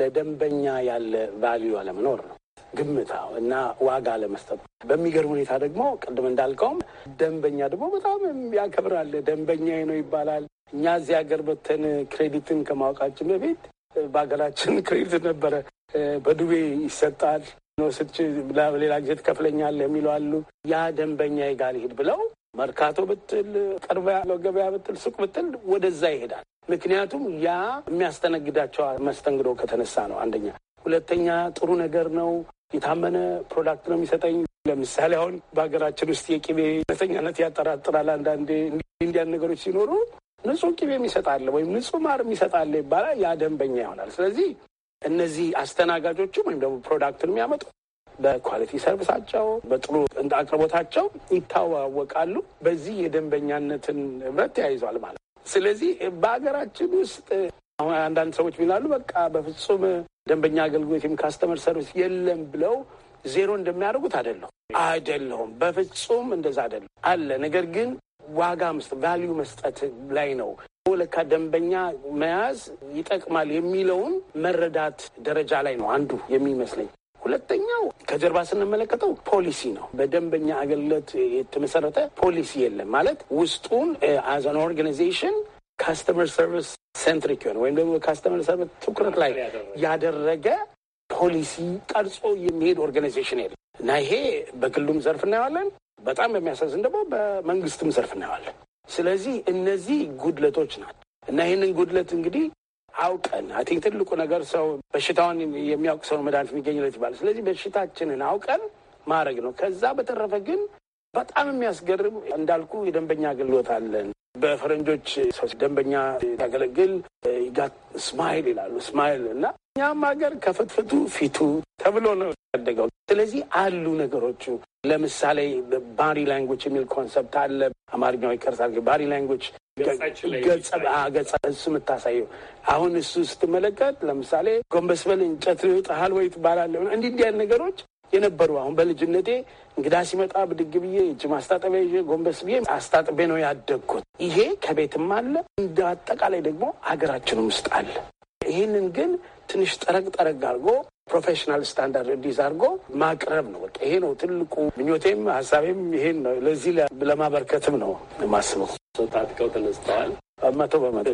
ለደንበኛ ያለ ቫሊዩ አለመኖር ነው። ግምታ እና ዋጋ ለመስጠት በሚገርም ሁኔታ ደግሞ ቅድም እንዳልከውም ደንበኛ ደግሞ በጣም ያከብራል። ደንበኛ ነው ይባላል። እኛ እዚህ ሀገር በተን ክሬዲትን ከማወቃችን በፊት በሀገራችን ክሬዲት ነበረ። በዱቤ ይሰጣል ስች ሌላ ጊዜ ትከፍለኛለህ የሚለው አሉ። ያ ደንበኛ ጋር ይሄድ ብለው መርካቶ ብትል፣ ቅርብ ያለው ገበያ ብትል፣ ሱቅ ብትል ወደዛ ይሄዳል። ምክንያቱም ያ የሚያስተነግዳቸው መስተንግዶ ከተነሳ ነው። አንደኛ። ሁለተኛ ጥሩ ነገር ነው። የታመነ ፕሮዳክት ነው የሚሰጠኝ። ለምሳሌ አሁን በሀገራችን ውስጥ የቅቤ እውነተኛነት ያጠራጥራል። አንዳንዴ እንዲያን ነገሮች ሲኖሩ ንጹህ ቅቤ የሚሰጣለ ወይም ንጹህ ማር የሚሰጣለ ይባላል። ያ ደንበኛ ይሆናል። ስለዚህ እነዚህ አስተናጋጆችም ወይም ደግሞ ፕሮዳክት የሚያመጡ በኳሊቲ ሰርቪሳቸው በጥሩ አቅርቦታቸው ይታዋወቃሉ በዚህ የደንበኛነትን ህብረት ተያይዟል ማለት ነው። ስለዚህ በሀገራችን ውስጥ አሁን አንዳንድ ሰዎች ሚላሉ በቃ በፍጹም ደንበኛ አገልግሎት ወይም ካስተመር ሰርቪስ የለም ብለው ዜሮ እንደሚያደርጉት አይደለሁም አይደለሁም፣ በፍጹም እንደዛ አይደለም አለ። ነገር ግን ዋጋ መስጠት ቫሊዩ መስጠት ላይ ነው። ለካ ደንበኛ መያዝ ይጠቅማል የሚለውን መረዳት ደረጃ ላይ ነው አንዱ የሚመስለኝ። ሁለተኛው ከጀርባ ስንመለከተው ፖሊሲ ነው። በደንበኛ አገልግሎት የተመሰረተ ፖሊሲ የለም ማለት ውስጡን አዝ አን ኦርጋናይዜሽን ካስተመር ሰርቪስ ሴንትሪክ የሆነ ወይም ደግሞ ካስተመር ሰርቪስ ትኩረት ላይ ያደረገ ፖሊሲ ቀርጾ የሚሄድ ኦርጋናይዜሽን የለም እና ይሄ በግሉም ዘርፍ እናየዋለን፣ በጣም በሚያሳዝን ደግሞ በመንግስትም ዘርፍ እናየዋለን። ስለዚህ እነዚህ ጉድለቶች ናቸው እና ይህንን ጉድለት እንግዲህ አውቀን አይ ቲንክ ትልቁ ነገር ሰው በሽታውን የሚያውቅ ሰው መድኃኒት የሚገኝለት ይባላል። ስለዚህ በሽታችንን አውቀን ማድረግ ነው። ከዛ በተረፈ ግን በጣም የሚያስገርም እንዳልኩ የደንበኛ አገልግሎት አለን። በፈረንጆች ሰው ደንበኛ ያገለግል ጋት ስማይል ይላሉ። ስማይል እና እኛም ሀገር ከፍትፍቱ ፊቱ ተብሎ ነው ያደገው። ስለዚህ አሉ ነገሮቹ። ለምሳሌ ባሪ ላንጉጅ የሚል ኮንሰፕት አለ። አማርኛው ይቀርሳል ባሪ ላንጉጅ ገጸ እሱ የምታሳየው አሁን እሱ ስትመለከት ለምሳሌ ጎንበስበል እንጨት ይውጣሃል ወይ ትባላለህ። እንዲህ እንዲህ ነገሮች የነበሩ አሁን በልጅነቴ እንግዳ ሲመጣ ብድግ ብዬ እጅ ማስታጠቢያ ይዤ ጎንበስ ብዬ አስታጥቤ ነው ያደግኩት። ይሄ ከቤትም አለ እንደ አጠቃላይ ደግሞ ሀገራችን ውስጥ አለ። ይህንን ግን ትንሽ ጠረግ ጠረግ አድርጎ ፕሮፌሽናል ስታንዳርድ እንዲዝ አድርጎ ማቅረብ ነው። በቃ ይሄ ነው ትልቁ ምኞቴም ሀሳቤም ይሄን ነው። ለዚህ ለማበርከትም ነው የማስበው። ታጥቀው ተነስተዋል። መቶ በመቶ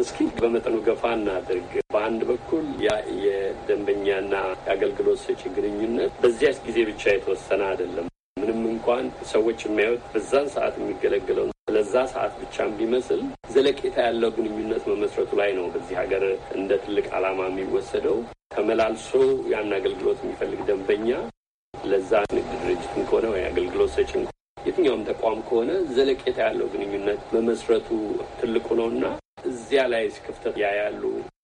እስኪ በመጠኑ ገፋ እናድርግ። በአንድ በኩል ያ የደንበኛና የአገልግሎት ሰጪ ግንኙነት በዚያ ጊዜ ብቻ የተወሰነ አይደለም። ምንም እንኳን ሰዎች የሚያዩት በዛን ሰዓት የሚገለግለው ለዛ ሰዓት ብቻም ቢመስል ዘለቄታ ያለው ግንኙነት መመስረቱ ላይ ነው በዚህ ሀገር እንደ ትልቅ ዓላማ የሚወሰደው። ተመላልሶ ያን አገልግሎት የሚፈልግ ደንበኛ ለዛ ንግድ ድርጅትም ከሆነ ወይ አገልግሎት ሰጪ የትኛውም ተቋም ከሆነ ዘለቄታ ያለው ግንኙነት መመስረቱ ትልቁ ነው እና እዚያ ላይ ክፍተት ያያሉ።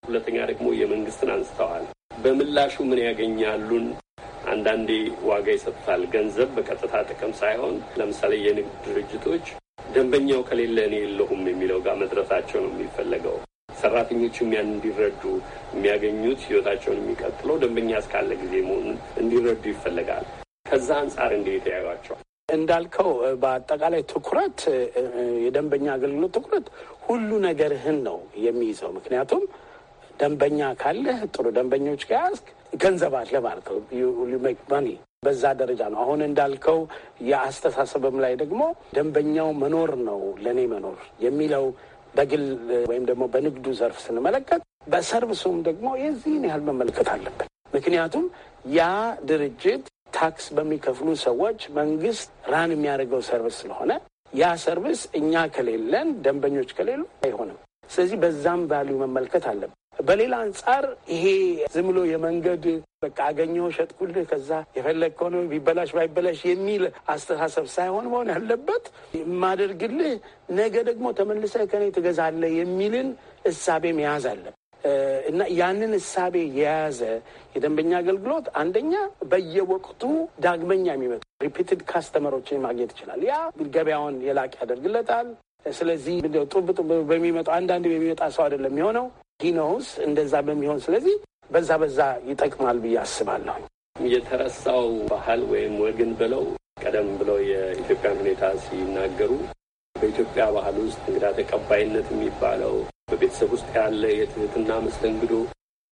ሁለተኛ ደግሞ የመንግስትን አንስተዋል። በምላሹ ምን ያገኛሉን? አንዳንዴ ዋጋ ይሰጥታል። ገንዘብ በቀጥታ ጥቅም ሳይሆን ለምሳሌ የንግድ ድርጅቶች ደንበኛው ከሌለ እኔ የለሁም የሚለው ጋር መድረሳቸው ነው የሚፈለገው። ሰራተኞችም ያን እንዲረዱ የሚያገኙት ህይወታቸውን የሚቀጥለው ደንበኛ እስካለ ጊዜ መሆኑን እንዲረዱ ይፈለጋል። ከዛ አንጻር እንዴት ያዩቸዋል? እንዳልከው በአጠቃላይ ትኩረት የደንበኛ አገልግሎት ትኩረት ሁሉ ነገርህን ነው የሚይዘው። ምክንያቱም ደንበኛ ካለህ ጥሩ ደንበኞች ከያዝክ ገንዘብ አለ ማለት ነው። በዛ ደረጃ ነው። አሁን እንዳልከው የአስተሳሰብም ላይ ደግሞ ደንበኛው መኖር ነው ለእኔ መኖር የሚለው በግል ወይም ደግሞ በንግዱ ዘርፍ ስንመለከት፣ በሰርቪሱም ደግሞ የዚህን ያህል መመልከት አለብን። ምክንያቱም ያ ድርጅት ታክስ በሚከፍሉ ሰዎች መንግስት ራን የሚያደርገው ሰርቪስ ስለሆነ ያ ሰርቪስ እኛ ከሌለን፣ ደንበኞች ከሌሉ አይሆንም። ስለዚህ በዛም ቫሊዩ መመልከት አለብን። በሌላ አንጻር ይሄ ዝም ብሎ የመንገድ በቃ አገኘው ሸጥኩልህ፣ ከዛ የፈለግከው ነው ቢበላሽ ባይበላሽ የሚል አስተሳሰብ ሳይሆን መሆን ያለበት የማደርግልህ ነገ ደግሞ ተመልሰህ ከኔ ትገዛለህ የሚልን እሳቤ መያዝ አለብን። እና ያንን እሳቤ የያዘ የደንበኛ አገልግሎት አንደኛ በየወቅቱ ዳግመኛ የሚመጡ ሪፒትድ ካስተመሮችን ማግኘት ይችላል። ያ ገበያውን የላቅ ያደርግለታል። ስለዚህ ጡብ በሚመጡ አንዳንድ የሚመጣ ሰው አይደለም የሚሆነው ጊኖውስ እንደዛ በሚሆን ስለዚህ በዛ በዛ ይጠቅማል ብዬ አስባለሁ። የተረሳው ባህል ወይም ወግን ብለው ቀደም ብለው የኢትዮጵያን ሁኔታ ሲናገሩ በኢትዮጵያ ባህል ውስጥ እንግዳ ተቀባይነት የሚባለው በቤተሰብ ውስጥ ያለ የትህትና መስተንግዶ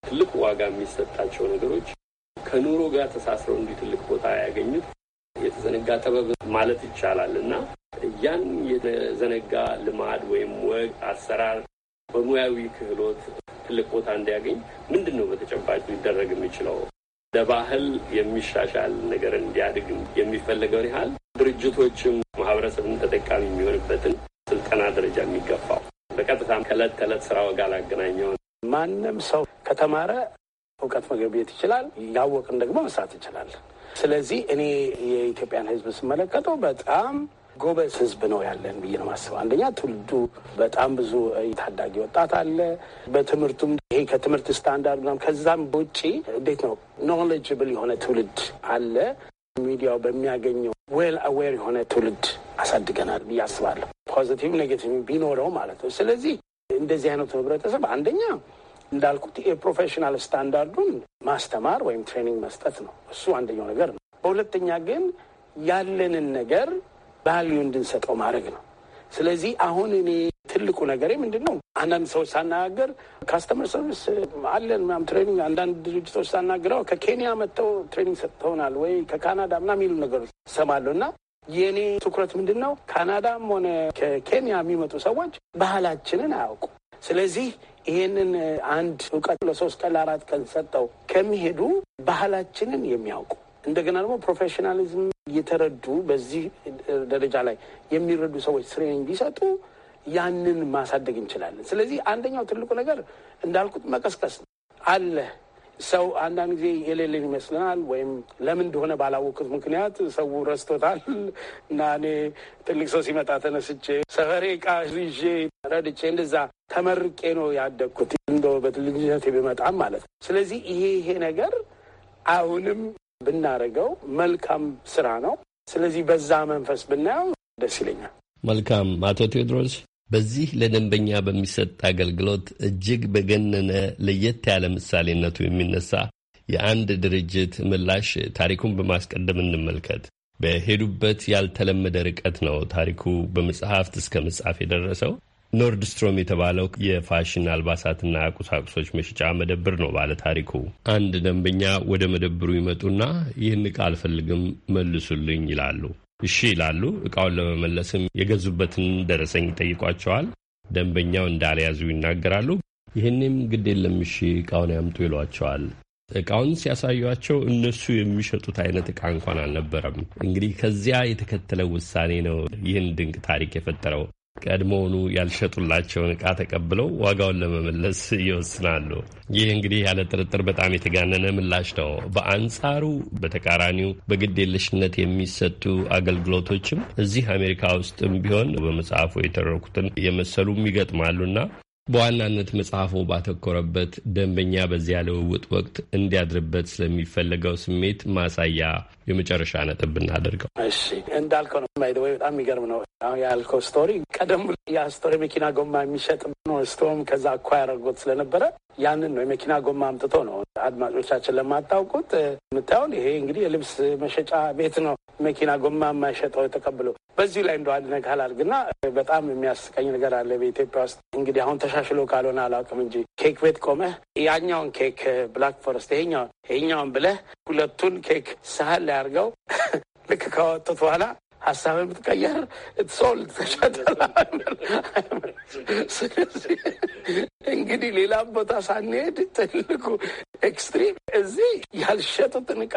ትልቅ ዋጋ የሚሰጣቸው ነገሮች ከኑሮ ጋር ተሳስረው እንዲህ ትልቅ ቦታ ያገኙት የተዘነጋ ጥበብ ማለት ይቻላል እና ያን የተዘነጋ ልማድ ወይም ወግ አሰራር በሙያዊ ክህሎት ትልቅ ቦታ እንዲያገኝ ምንድን ነው በተጨባጭ ሊደረግ የሚችለው? ለባህል የሚሻሻል ነገር እንዲያድግ የሚፈለገውን ያህል ድርጅቶችም ማህበረሰብን ተጠቃሚ የሚሆንበትን ስልጠና ደረጃ የሚገፋው በቀጥታ ከእለት ከእለት ስራው ጋር ላገናኘው ማንም ሰው ከተማረ እውቀት መገብየት ይችላል። ያወቅን ደግሞ መስራት ይችላል። ስለዚህ እኔ የኢትዮጵያን ህዝብ ስመለከተው በጣም ጎበዝ ህዝብ ነው ያለን ብዬ ነው ማስበው። አንደኛ ትውልዱ በጣም ብዙ ታዳጊ ወጣት አለ። በትምህርቱም ይሄ ከትምህርት ስታንዳርድ ከዛም ውጪ እንዴት ነው ኖሌጅብል የሆነ ትውልድ አለ። ሚዲያው በሚያገኘው ዌል አዌር የሆነ ትውልድ አሳድገናል ብዬ አስባለሁ። ፖዚቲቭ ኔጌቲቭ ቢኖረው ማለት ነው። ስለዚህ እንደዚህ አይነቱ ህብረተሰብ አንደኛ እንዳልኩት የፕሮፌሽናል ስታንዳርዱን ማስተማር ወይም ትሬኒንግ መስጠት ነው። እሱ አንደኛው ነገር ነው። በሁለተኛ ግን ያለንን ነገር ቫሊዩ እንድንሰጠው ማድረግ ነው። ስለዚህ አሁን እኔ ትልቁ ነገር ምንድን ነው? አንዳንድ ሰዎች ሳናገር ካስተመር ሰርቪስ አለን ምናምን ትሬኒንግ፣ አንዳንድ ድርጅቶች ሳናግረው ከኬንያ መጥተው ትሬኒንግ ሰጥተውናል ወይ ከካናዳ ምናምን የሚሉ ነገሮች እሰማለሁ እና የኔ ትኩረት ምንድን ነው? ካናዳም ሆነ ከኬንያ የሚመጡ ሰዎች ባህላችንን አያውቁ። ስለዚህ ይህንን አንድ እውቀት ለሶስት ቀን ለአራት ቀን ሰጠው ከሚሄዱ ባህላችንን የሚያውቁ እንደገና ደግሞ ፕሮፌሽናሊዝም እየተረዱ በዚህ ደረጃ ላይ የሚረዱ ሰዎች ትሬኒንግ ቢሰጡ ያንን ማሳደግ እንችላለን። ስለዚህ አንደኛው ትልቁ ነገር እንዳልኩት መቀስቀስ ነው አለ ሰው አንዳንድ ጊዜ የሌለን ይመስለናል። ወይም ለምን እንደሆነ ባላወቁት ምክንያት ሰው ረስቶታል እና እኔ ትልቅ ሰው ሲመጣ ተነስቼ ሰፈሬ ዕቃ ይዤ ረድቼ እንደዛ ተመርቄ ነው ያደግኩት እንደ በትልጅነት ብመጣም ማለት ነው። ስለዚህ ይሄ ይሄ ነገር አሁንም ብናደርገው መልካም ስራ ነው። ስለዚህ በዛ መንፈስ ብናየው ደስ ይለኛል። መልካም አቶ ቴዎድሮስ በዚህ ለደንበኛ በሚሰጥ አገልግሎት እጅግ በገነነ ለየት ያለ ምሳሌነቱ የሚነሳ የአንድ ድርጅት ምላሽ ታሪኩን በማስቀደም እንመልከት። በሄዱበት ያልተለመደ ርቀት ነው ታሪኩ በመጽሐፍት እስከ መጽሐፍ የደረሰው። ኖርድስትሮም የተባለው የፋሽን አልባሳትና ቁሳቁሶች መሸጫ መደብር ነው ባለ ታሪኩ። አንድ ደንበኛ ወደ መደብሩ ይመጡና ይህን ዕቃ አልፈልግም መልሱልኝ ይላሉ። እሺ ይላሉ። እቃውን ለመመለስም የገዙበትን ደረሰኝ ይጠይቋቸዋል። ደንበኛው እንዳልያዙ ይናገራሉ። ይህንም ግድ የለም እሺ እቃውን ያምጡ ይሏቸዋል። እቃውን ሲያሳዩቸው እነሱ የሚሸጡት አይነት እቃ እንኳን አልነበረም። እንግዲህ ከዚያ የተከተለ ውሳኔ ነው ይህን ድንቅ ታሪክ የፈጠረው። ቀድሞውኑ ያልሸጡላቸውን እቃ ተቀብለው ዋጋውን ለመመለስ ይወስናሉ። ይህ እንግዲህ ያለ ጥርጥር በጣም የተጋነነ ምላሽ ነው። በአንጻሩ በተቃራኒው በግድ የለሽነት የሚሰጡ አገልግሎቶችም እዚህ አሜሪካ ውስጥም ቢሆን በመጽሐፉ የተረኩትን የመሰሉም ይገጥማሉና በዋናነት መጽሐፉ ባተኮረበት ደንበኛ በዚያ ልውውጥ ወቅት እንዲያድርበት ስለሚፈለገው ስሜት ማሳያ የመጨረሻ ነጥብ ብናደርገው። እሺ እንዳልከው ነው። ባይ ዘ ወይ በጣም የሚገርም ነው። አሁን ያልከው ስቶሪ ቀደም ብሎ ያ ስቶሪ መኪና ጎማ የሚሸጥ ነው ስቶም ከዛ አኳ ያደርጎት ስለነበረ ያንን ነው የመኪና ጎማ አምጥቶ ነው። አድማጮቻችን ለማታውቁት የምታየውን ይሄ እንግዲህ የልብስ መሸጫ ቤት ነው መኪና ጎማ የማይሸጠው ተቀብሎ። በዚህ ላይ እንደ አንድ ነገር አላልግና በጣም የሚያስቀኝ ነገር አለ በኢትዮጵያ ውስጥ እንግዲህ አሁን ተሻሽሎ ካልሆነ አላውቅም እንጂ ኬክ ቤት ቆመህ ያኛውን ኬክ ብላክ ፎረስት ይሄኛውን ይሄኛውን ብለህ ሁለቱን ኬክ ሳህል አድርገው ልክ ካወጡት በኋላ ሀሳብ ብትቀየር ሶል ተሸጠላ። እንግዲህ ሌላ ቦታ ሳንሄድ ትልቁ ኤክስትሪም እዚህ ያልሸጡትን እቃ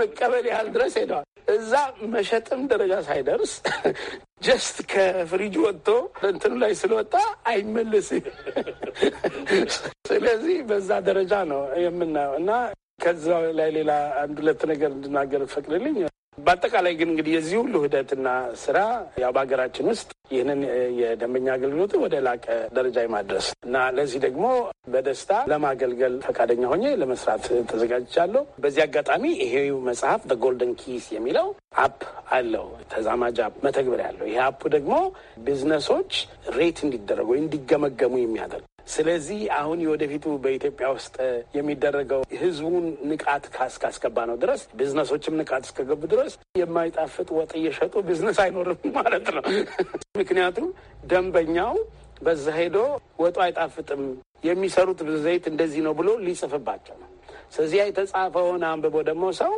መቀበል ያህል ድረስ ሄደዋል። እዛ መሸጥም ደረጃ ሳይደርስ ጀስት ከፍሪጅ ወጥቶ እንትኑ ላይ ስለወጣ አይመለስም። ስለዚህ በዛ ደረጃ ነው የምናየው እና ከዛ ላይ ሌላ አንድ ሁለት ነገር እንድናገር ፈቅድልኝ። በአጠቃላይ ግን እንግዲህ የዚህ ሁሉ ሂደትና ስራ ያው በሀገራችን ውስጥ ይህንን የደንበኛ አገልግሎት ወደ ላቀ ደረጃ የማድረስ እና ለዚህ ደግሞ በደስታ ለማገልገል ፈቃደኛ ሆኜ ለመስራት ተዘጋጅቻለሁ። በዚህ አጋጣሚ ይሄው መጽሐፍ በጎልደን ኪስ የሚለው አፕ አለው ተዛማጅ አፕ መተግበር ያለው ይሄ አፕ ደግሞ ቢዝነሶች ሬት እንዲደረጉ እንዲገመገሙ የሚያደርግ ስለዚህ አሁን የወደፊቱ በኢትዮጵያ ውስጥ የሚደረገው ህዝቡን ንቃት ካስካስገባ ነው ድረስ ቢዝነሶችም ንቃት እስከገቡ ድረስ የማይጣፍጥ ወጥ እየሸጡ ቢዝነስ አይኖርም ማለት ነው። ምክንያቱም ደንበኛው በዛ ሄዶ ወጡ አይጣፍጥም፣ የሚሰሩት ዘይት እንደዚህ ነው ብሎ ሊጽፍባቸው ነው። ስለዚያ የተጻፈውን አንብቦ ደግሞ ሰው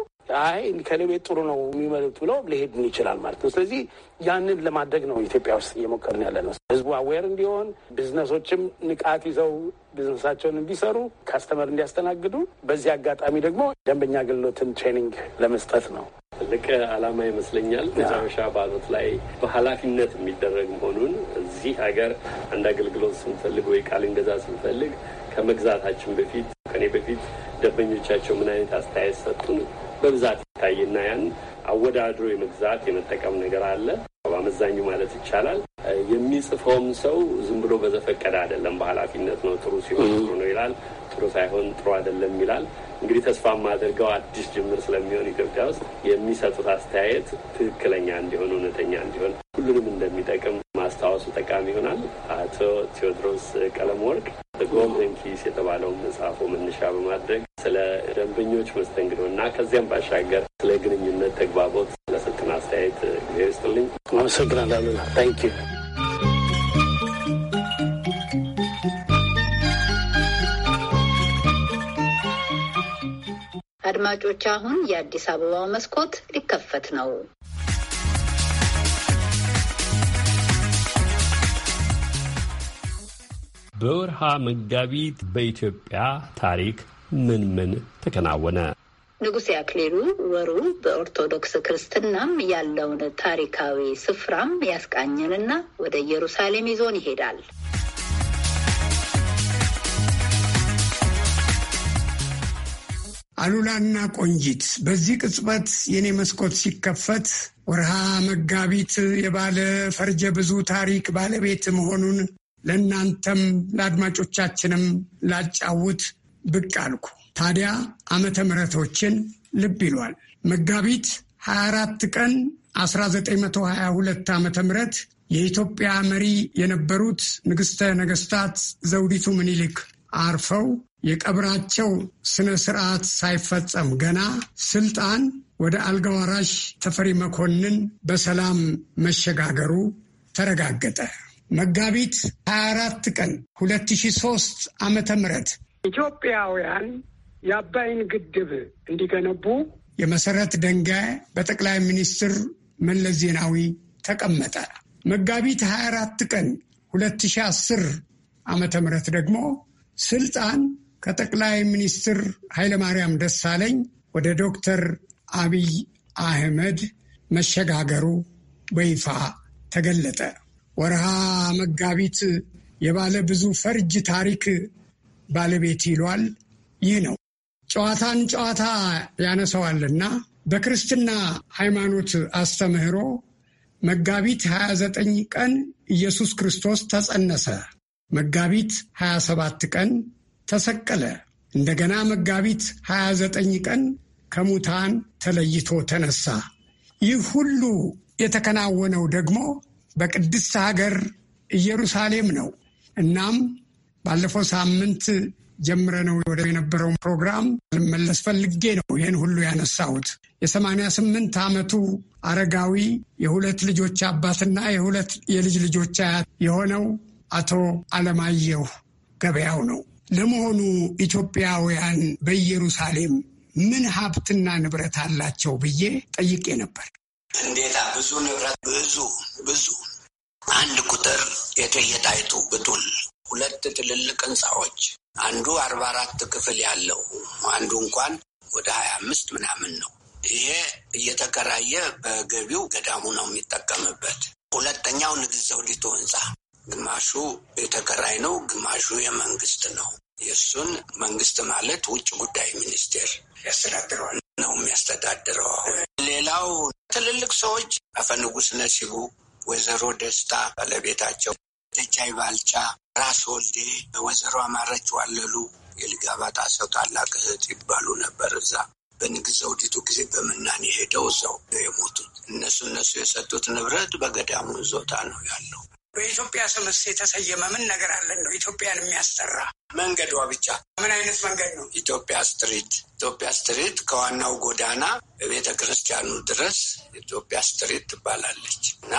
አይ ከእኔ ቤት ጥሩ ነው የሚመጡት ብሎ ሊሄድ ይችላል ማለት ነው። ስለዚህ ያንን ለማድረግ ነው ኢትዮጵያ ውስጥ እየሞከርን ያለ ነው። ህዝቡ አዌር እንዲሆን፣ ቢዝነሶችም ንቃት ይዘው ቢዝነሳቸውን እንዲሰሩ፣ ካስተመር እንዲያስተናግዱ፣ በዚህ አጋጣሚ ደግሞ ደንበኛ አገልግሎትን ትሬኒንግ ለመስጠት ነው። ትልቅ ዓላማ ይመስለኛል። መጨረሻ ባሉት ላይ በኃላፊነት የሚደረግ መሆኑን እዚህ ሀገር አንድ አገልግሎት ስንፈልግ ወይ ቃል እንገዛ ስንፈልግ ከመግዛታችን በፊት ከኔ በፊት ደንበኞቻቸው ምን አይነት አስተያየት ሰጡን በብዛት ይታይና ያን አወዳድሮ የመግዛት የመጠቀም ነገር አለ። በአመዛኙ ማለት ይቻላል የሚጽፈውም ሰው ዝም ብሎ በዘፈቀደ አይደለም። በኃላፊነት ነው። ጥሩ ሲሆን ጥሩ ነው ይላል፣ ጥሩ ሳይሆን ጥሩ አይደለም ይላል። እንግዲህ ተስፋ የማደርገው አዲስ ጅምር ስለሚሆን ኢትዮጵያ ውስጥ የሚሰጡት አስተያየት ትክክለኛ እንዲሆን፣ እውነተኛ እንዲሆን፣ ሁሉንም እንደሚጠቅም ማስታወሱ ጠቃሚ ይሆናል። አቶ ቴዎድሮስ ቀለም ወርቅ ጎልደን ኪስ የተባለውን መጽሐፎ መነሻ በማድረግ ስለ ደንበኞች መስተንግዶ እና ከዚያም ባሻገር ስለ ግንኙነት ተግባቦት ለሰጡን አስተያየት ጊዜ ይስጥልኝ። አመሰግናለሁ። ታንክ ዩ። አድማጮች አሁን የአዲስ አበባው መስኮት ሊከፈት ነው። በወርሃ መጋቢት በኢትዮጵያ ታሪክ ምን ምን ተከናወነ? ንጉሴ አክሊሉ ወሩ በኦርቶዶክስ ክርስትናም ያለውን ታሪካዊ ስፍራም ያስቃኘንና ወደ ኢየሩሳሌም ይዞን ይሄዳል። አሉላና ቆንጂት በዚህ ቅጽበት የኔ መስኮት ሲከፈት ወርሃ መጋቢት የባለ ፈርጀ ብዙ ታሪክ ባለቤት መሆኑን ለእናንተም ለአድማጮቻችንም ላጫውት ብቅ አልኩ። ታዲያ ዓመተ ምሕረቶችን ልብ ይሏል። መጋቢት 24 ቀን 1922 ዓ ም የኢትዮጵያ መሪ የነበሩት ንግሥተ ነገሥታት ዘውዲቱ ምኒልክ አርፈው የቀብራቸው ስነ ስርዓት ሳይፈጸም ገና ስልጣን ወደ አልጋዋራሽ ተፈሪ መኮንን በሰላም መሸጋገሩ ተረጋገጠ። መጋቢት 24 ቀን 2003 ዓ ም ኢትዮጵያውያን የአባይን ግድብ እንዲገነቡ የመሰረት ድንጋይ በጠቅላይ ሚኒስትር መለስ ዜናዊ ተቀመጠ። መጋቢት 24 ቀን 2010 ዓ ም ደግሞ ስልጣን ከጠቅላይ ሚኒስትር ኃይለማርያም ደሳለኝ ወደ ዶክተር አብይ አህመድ መሸጋገሩ በይፋ ተገለጠ። ወርሃ መጋቢት የባለ ብዙ ፈርጅ ታሪክ ባለቤት ይሏል። ይህ ነው ጨዋታን ጨዋታ ያነሰዋልና በክርስትና ሃይማኖት አስተምህሮ መጋቢት 29 ቀን ኢየሱስ ክርስቶስ ተጸነሰ። መጋቢት 27 ቀን ተሰቀለ። እንደገና መጋቢት 29 ቀን ከሙታን ተለይቶ ተነሳ። ይህ ሁሉ የተከናወነው ደግሞ በቅድስት ሀገር ኢየሩሳሌም ነው። እናም ባለፈው ሳምንት ጀምረ ነው ወደ የነበረውን ፕሮግራም ልመለስ ፈልጌ ነው ይህን ሁሉ ያነሳሁት። የሰማንያ ስምንት ዓመቱ አረጋዊ የሁለት ልጆች አባትና የሁለት የልጅ ልጆች አያት የሆነው አቶ አለማየሁ ገበያው ነው። ለመሆኑ ኢትዮጵያውያን በኢየሩሳሌም ምን ሀብትና ንብረት አላቸው ብዬ ጠይቄ ነበር። እንዴታ ብዙ ንብረት ብዙ ብዙ አንድ ቁጥር የእቴጌ ጣይቱ ብጡል ሁለት ትልልቅ ህንፃዎች አንዱ አርባ አራት ክፍል ያለው አንዱ እንኳን ወደ ሀያ አምስት ምናምን ነው። ይሄ እየተከራየ በገቢው ገዳሙ ነው የሚጠቀምበት። ሁለተኛው ንግሥት ዘውዲቱ ህንፃ ግማሹ የተከራይ ነው፣ ግማሹ የመንግስት ነው። የእሱን መንግስት ማለት ውጭ ጉዳይ ሚኒስቴር ያስተዳድረዋል። ነው የሚያስተዳድረው። አሁን ሌላው ትልልቅ ሰዎች አፈ ንጉሥ ነሲቡ፣ ወይዘሮ ደስታ ባለቤታቸው፣ ደጃይ ባልቻ፣ ራስ ወልዴ፣ ወይዘሮ አማረች ዋለሉ የልጋባጣ ሰው ታላቅ እህት ይባሉ ነበር። እዛ በንግሥት ዘውዲቱ ጊዜ በምናን ሄደው እዛው የሞቱት እነሱ እነሱ የሰጡት ንብረት በገዳሙ ይዞታ ነው ያለው። በኢትዮጵያ ስምስ የተሰየመ ምን ነገር አለን ነው ኢትዮጵያን የሚያስጠራ መንገዷ ብቻ ምን አይነት መንገድ ነው? ኢትዮጵያ ስትሪት ኢትዮጵያ ስትሪት ከዋናው ጎዳና በቤተ ክርስቲያኑ ድረስ ኢትዮጵያ ስትሪት ትባላለች እና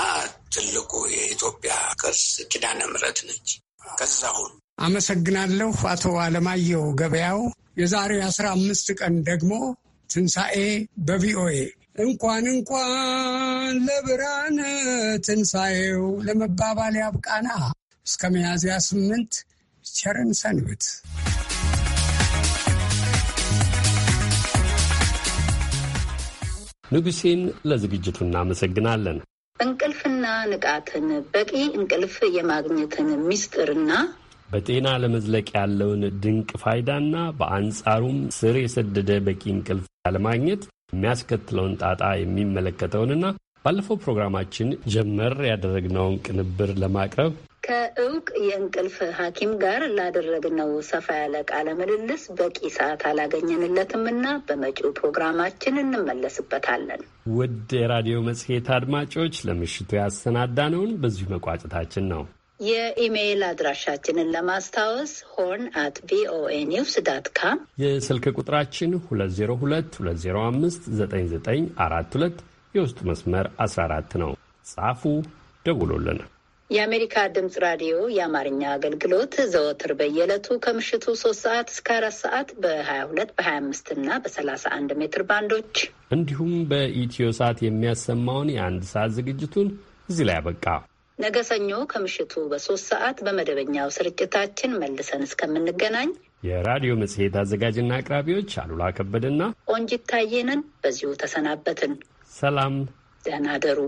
ትልቁ የኢትዮጵያ ቅርስ ኪዳነ ምረት ነች። ከዛ ሁሉ አመሰግናለሁ። አቶ አለማየሁ ገበያው የዛሬው አስራ አምስት ቀን ደግሞ ትንሣኤ በቪኦኤ እንኳን እንኳን ለብርሃነ ትንሣኤው ለመባባል ያብቃና እስከ መያዝያ ስምንት ቸርን ሰንብት። ንጉሴን ለዝግጅቱ እናመሰግናለን። እንቅልፍና ንቃትን በቂ እንቅልፍ የማግኘትን ምስጢርና በጤና ለመዝለቅ ያለውን ድንቅ ፋይዳና በአንጻሩም ስር የሰደደ በቂ እንቅልፍ ያለማግኘት የሚያስከትለውን ጣጣ የሚመለከተውንና ባለፈው ፕሮግራማችን ጀመር ያደረግነውን ቅንብር ለማቅረብ ከእውቅ የእንቅልፍ ሐኪም ጋር ላደረግነው ሰፋ ያለ ቃለ ምልልስ በቂ ሰዓት አላገኘንለትም እና በመጪው ፕሮግራማችን እንመለስበታለን። ውድ የራዲዮ መጽሔት አድማጮች ለምሽቱ ያሰናዳነውን በዚሁ መቋጨታችን ነው። የኢሜይል አድራሻችንን ለማስታወስ ሆርን አት ቪኦኤ ኒውስ ዳት ካም። የስልክ ቁጥራችን 2022059942 የውስጥ መስመር 14 ነው። ጻፉ፣ ደውሎልን። የአሜሪካ ድምፅ ራዲዮ የአማርኛ አገልግሎት ዘወትር በየዕለቱ ከምሽቱ 3 ሰዓት እስከ 4 ሰዓት በ22 በ25 እና በ31 ሜትር ባንዶች እንዲሁም በኢትዮ ሰዓት የሚያሰማውን የአንድ ሰዓት ዝግጅቱን እዚህ ላይ አበቃ። ነገ ሰኞ ከምሽቱ በሶስት ሰዓት በመደበኛው ስርጭታችን መልሰን እስከምንገናኝ የራዲዮ መጽሔት አዘጋጅና አቅራቢዎች አሉላ ከበደና ቆንጂት በዚሁ ተሰናበትን። ሰላም፣ ደህና ደሩ።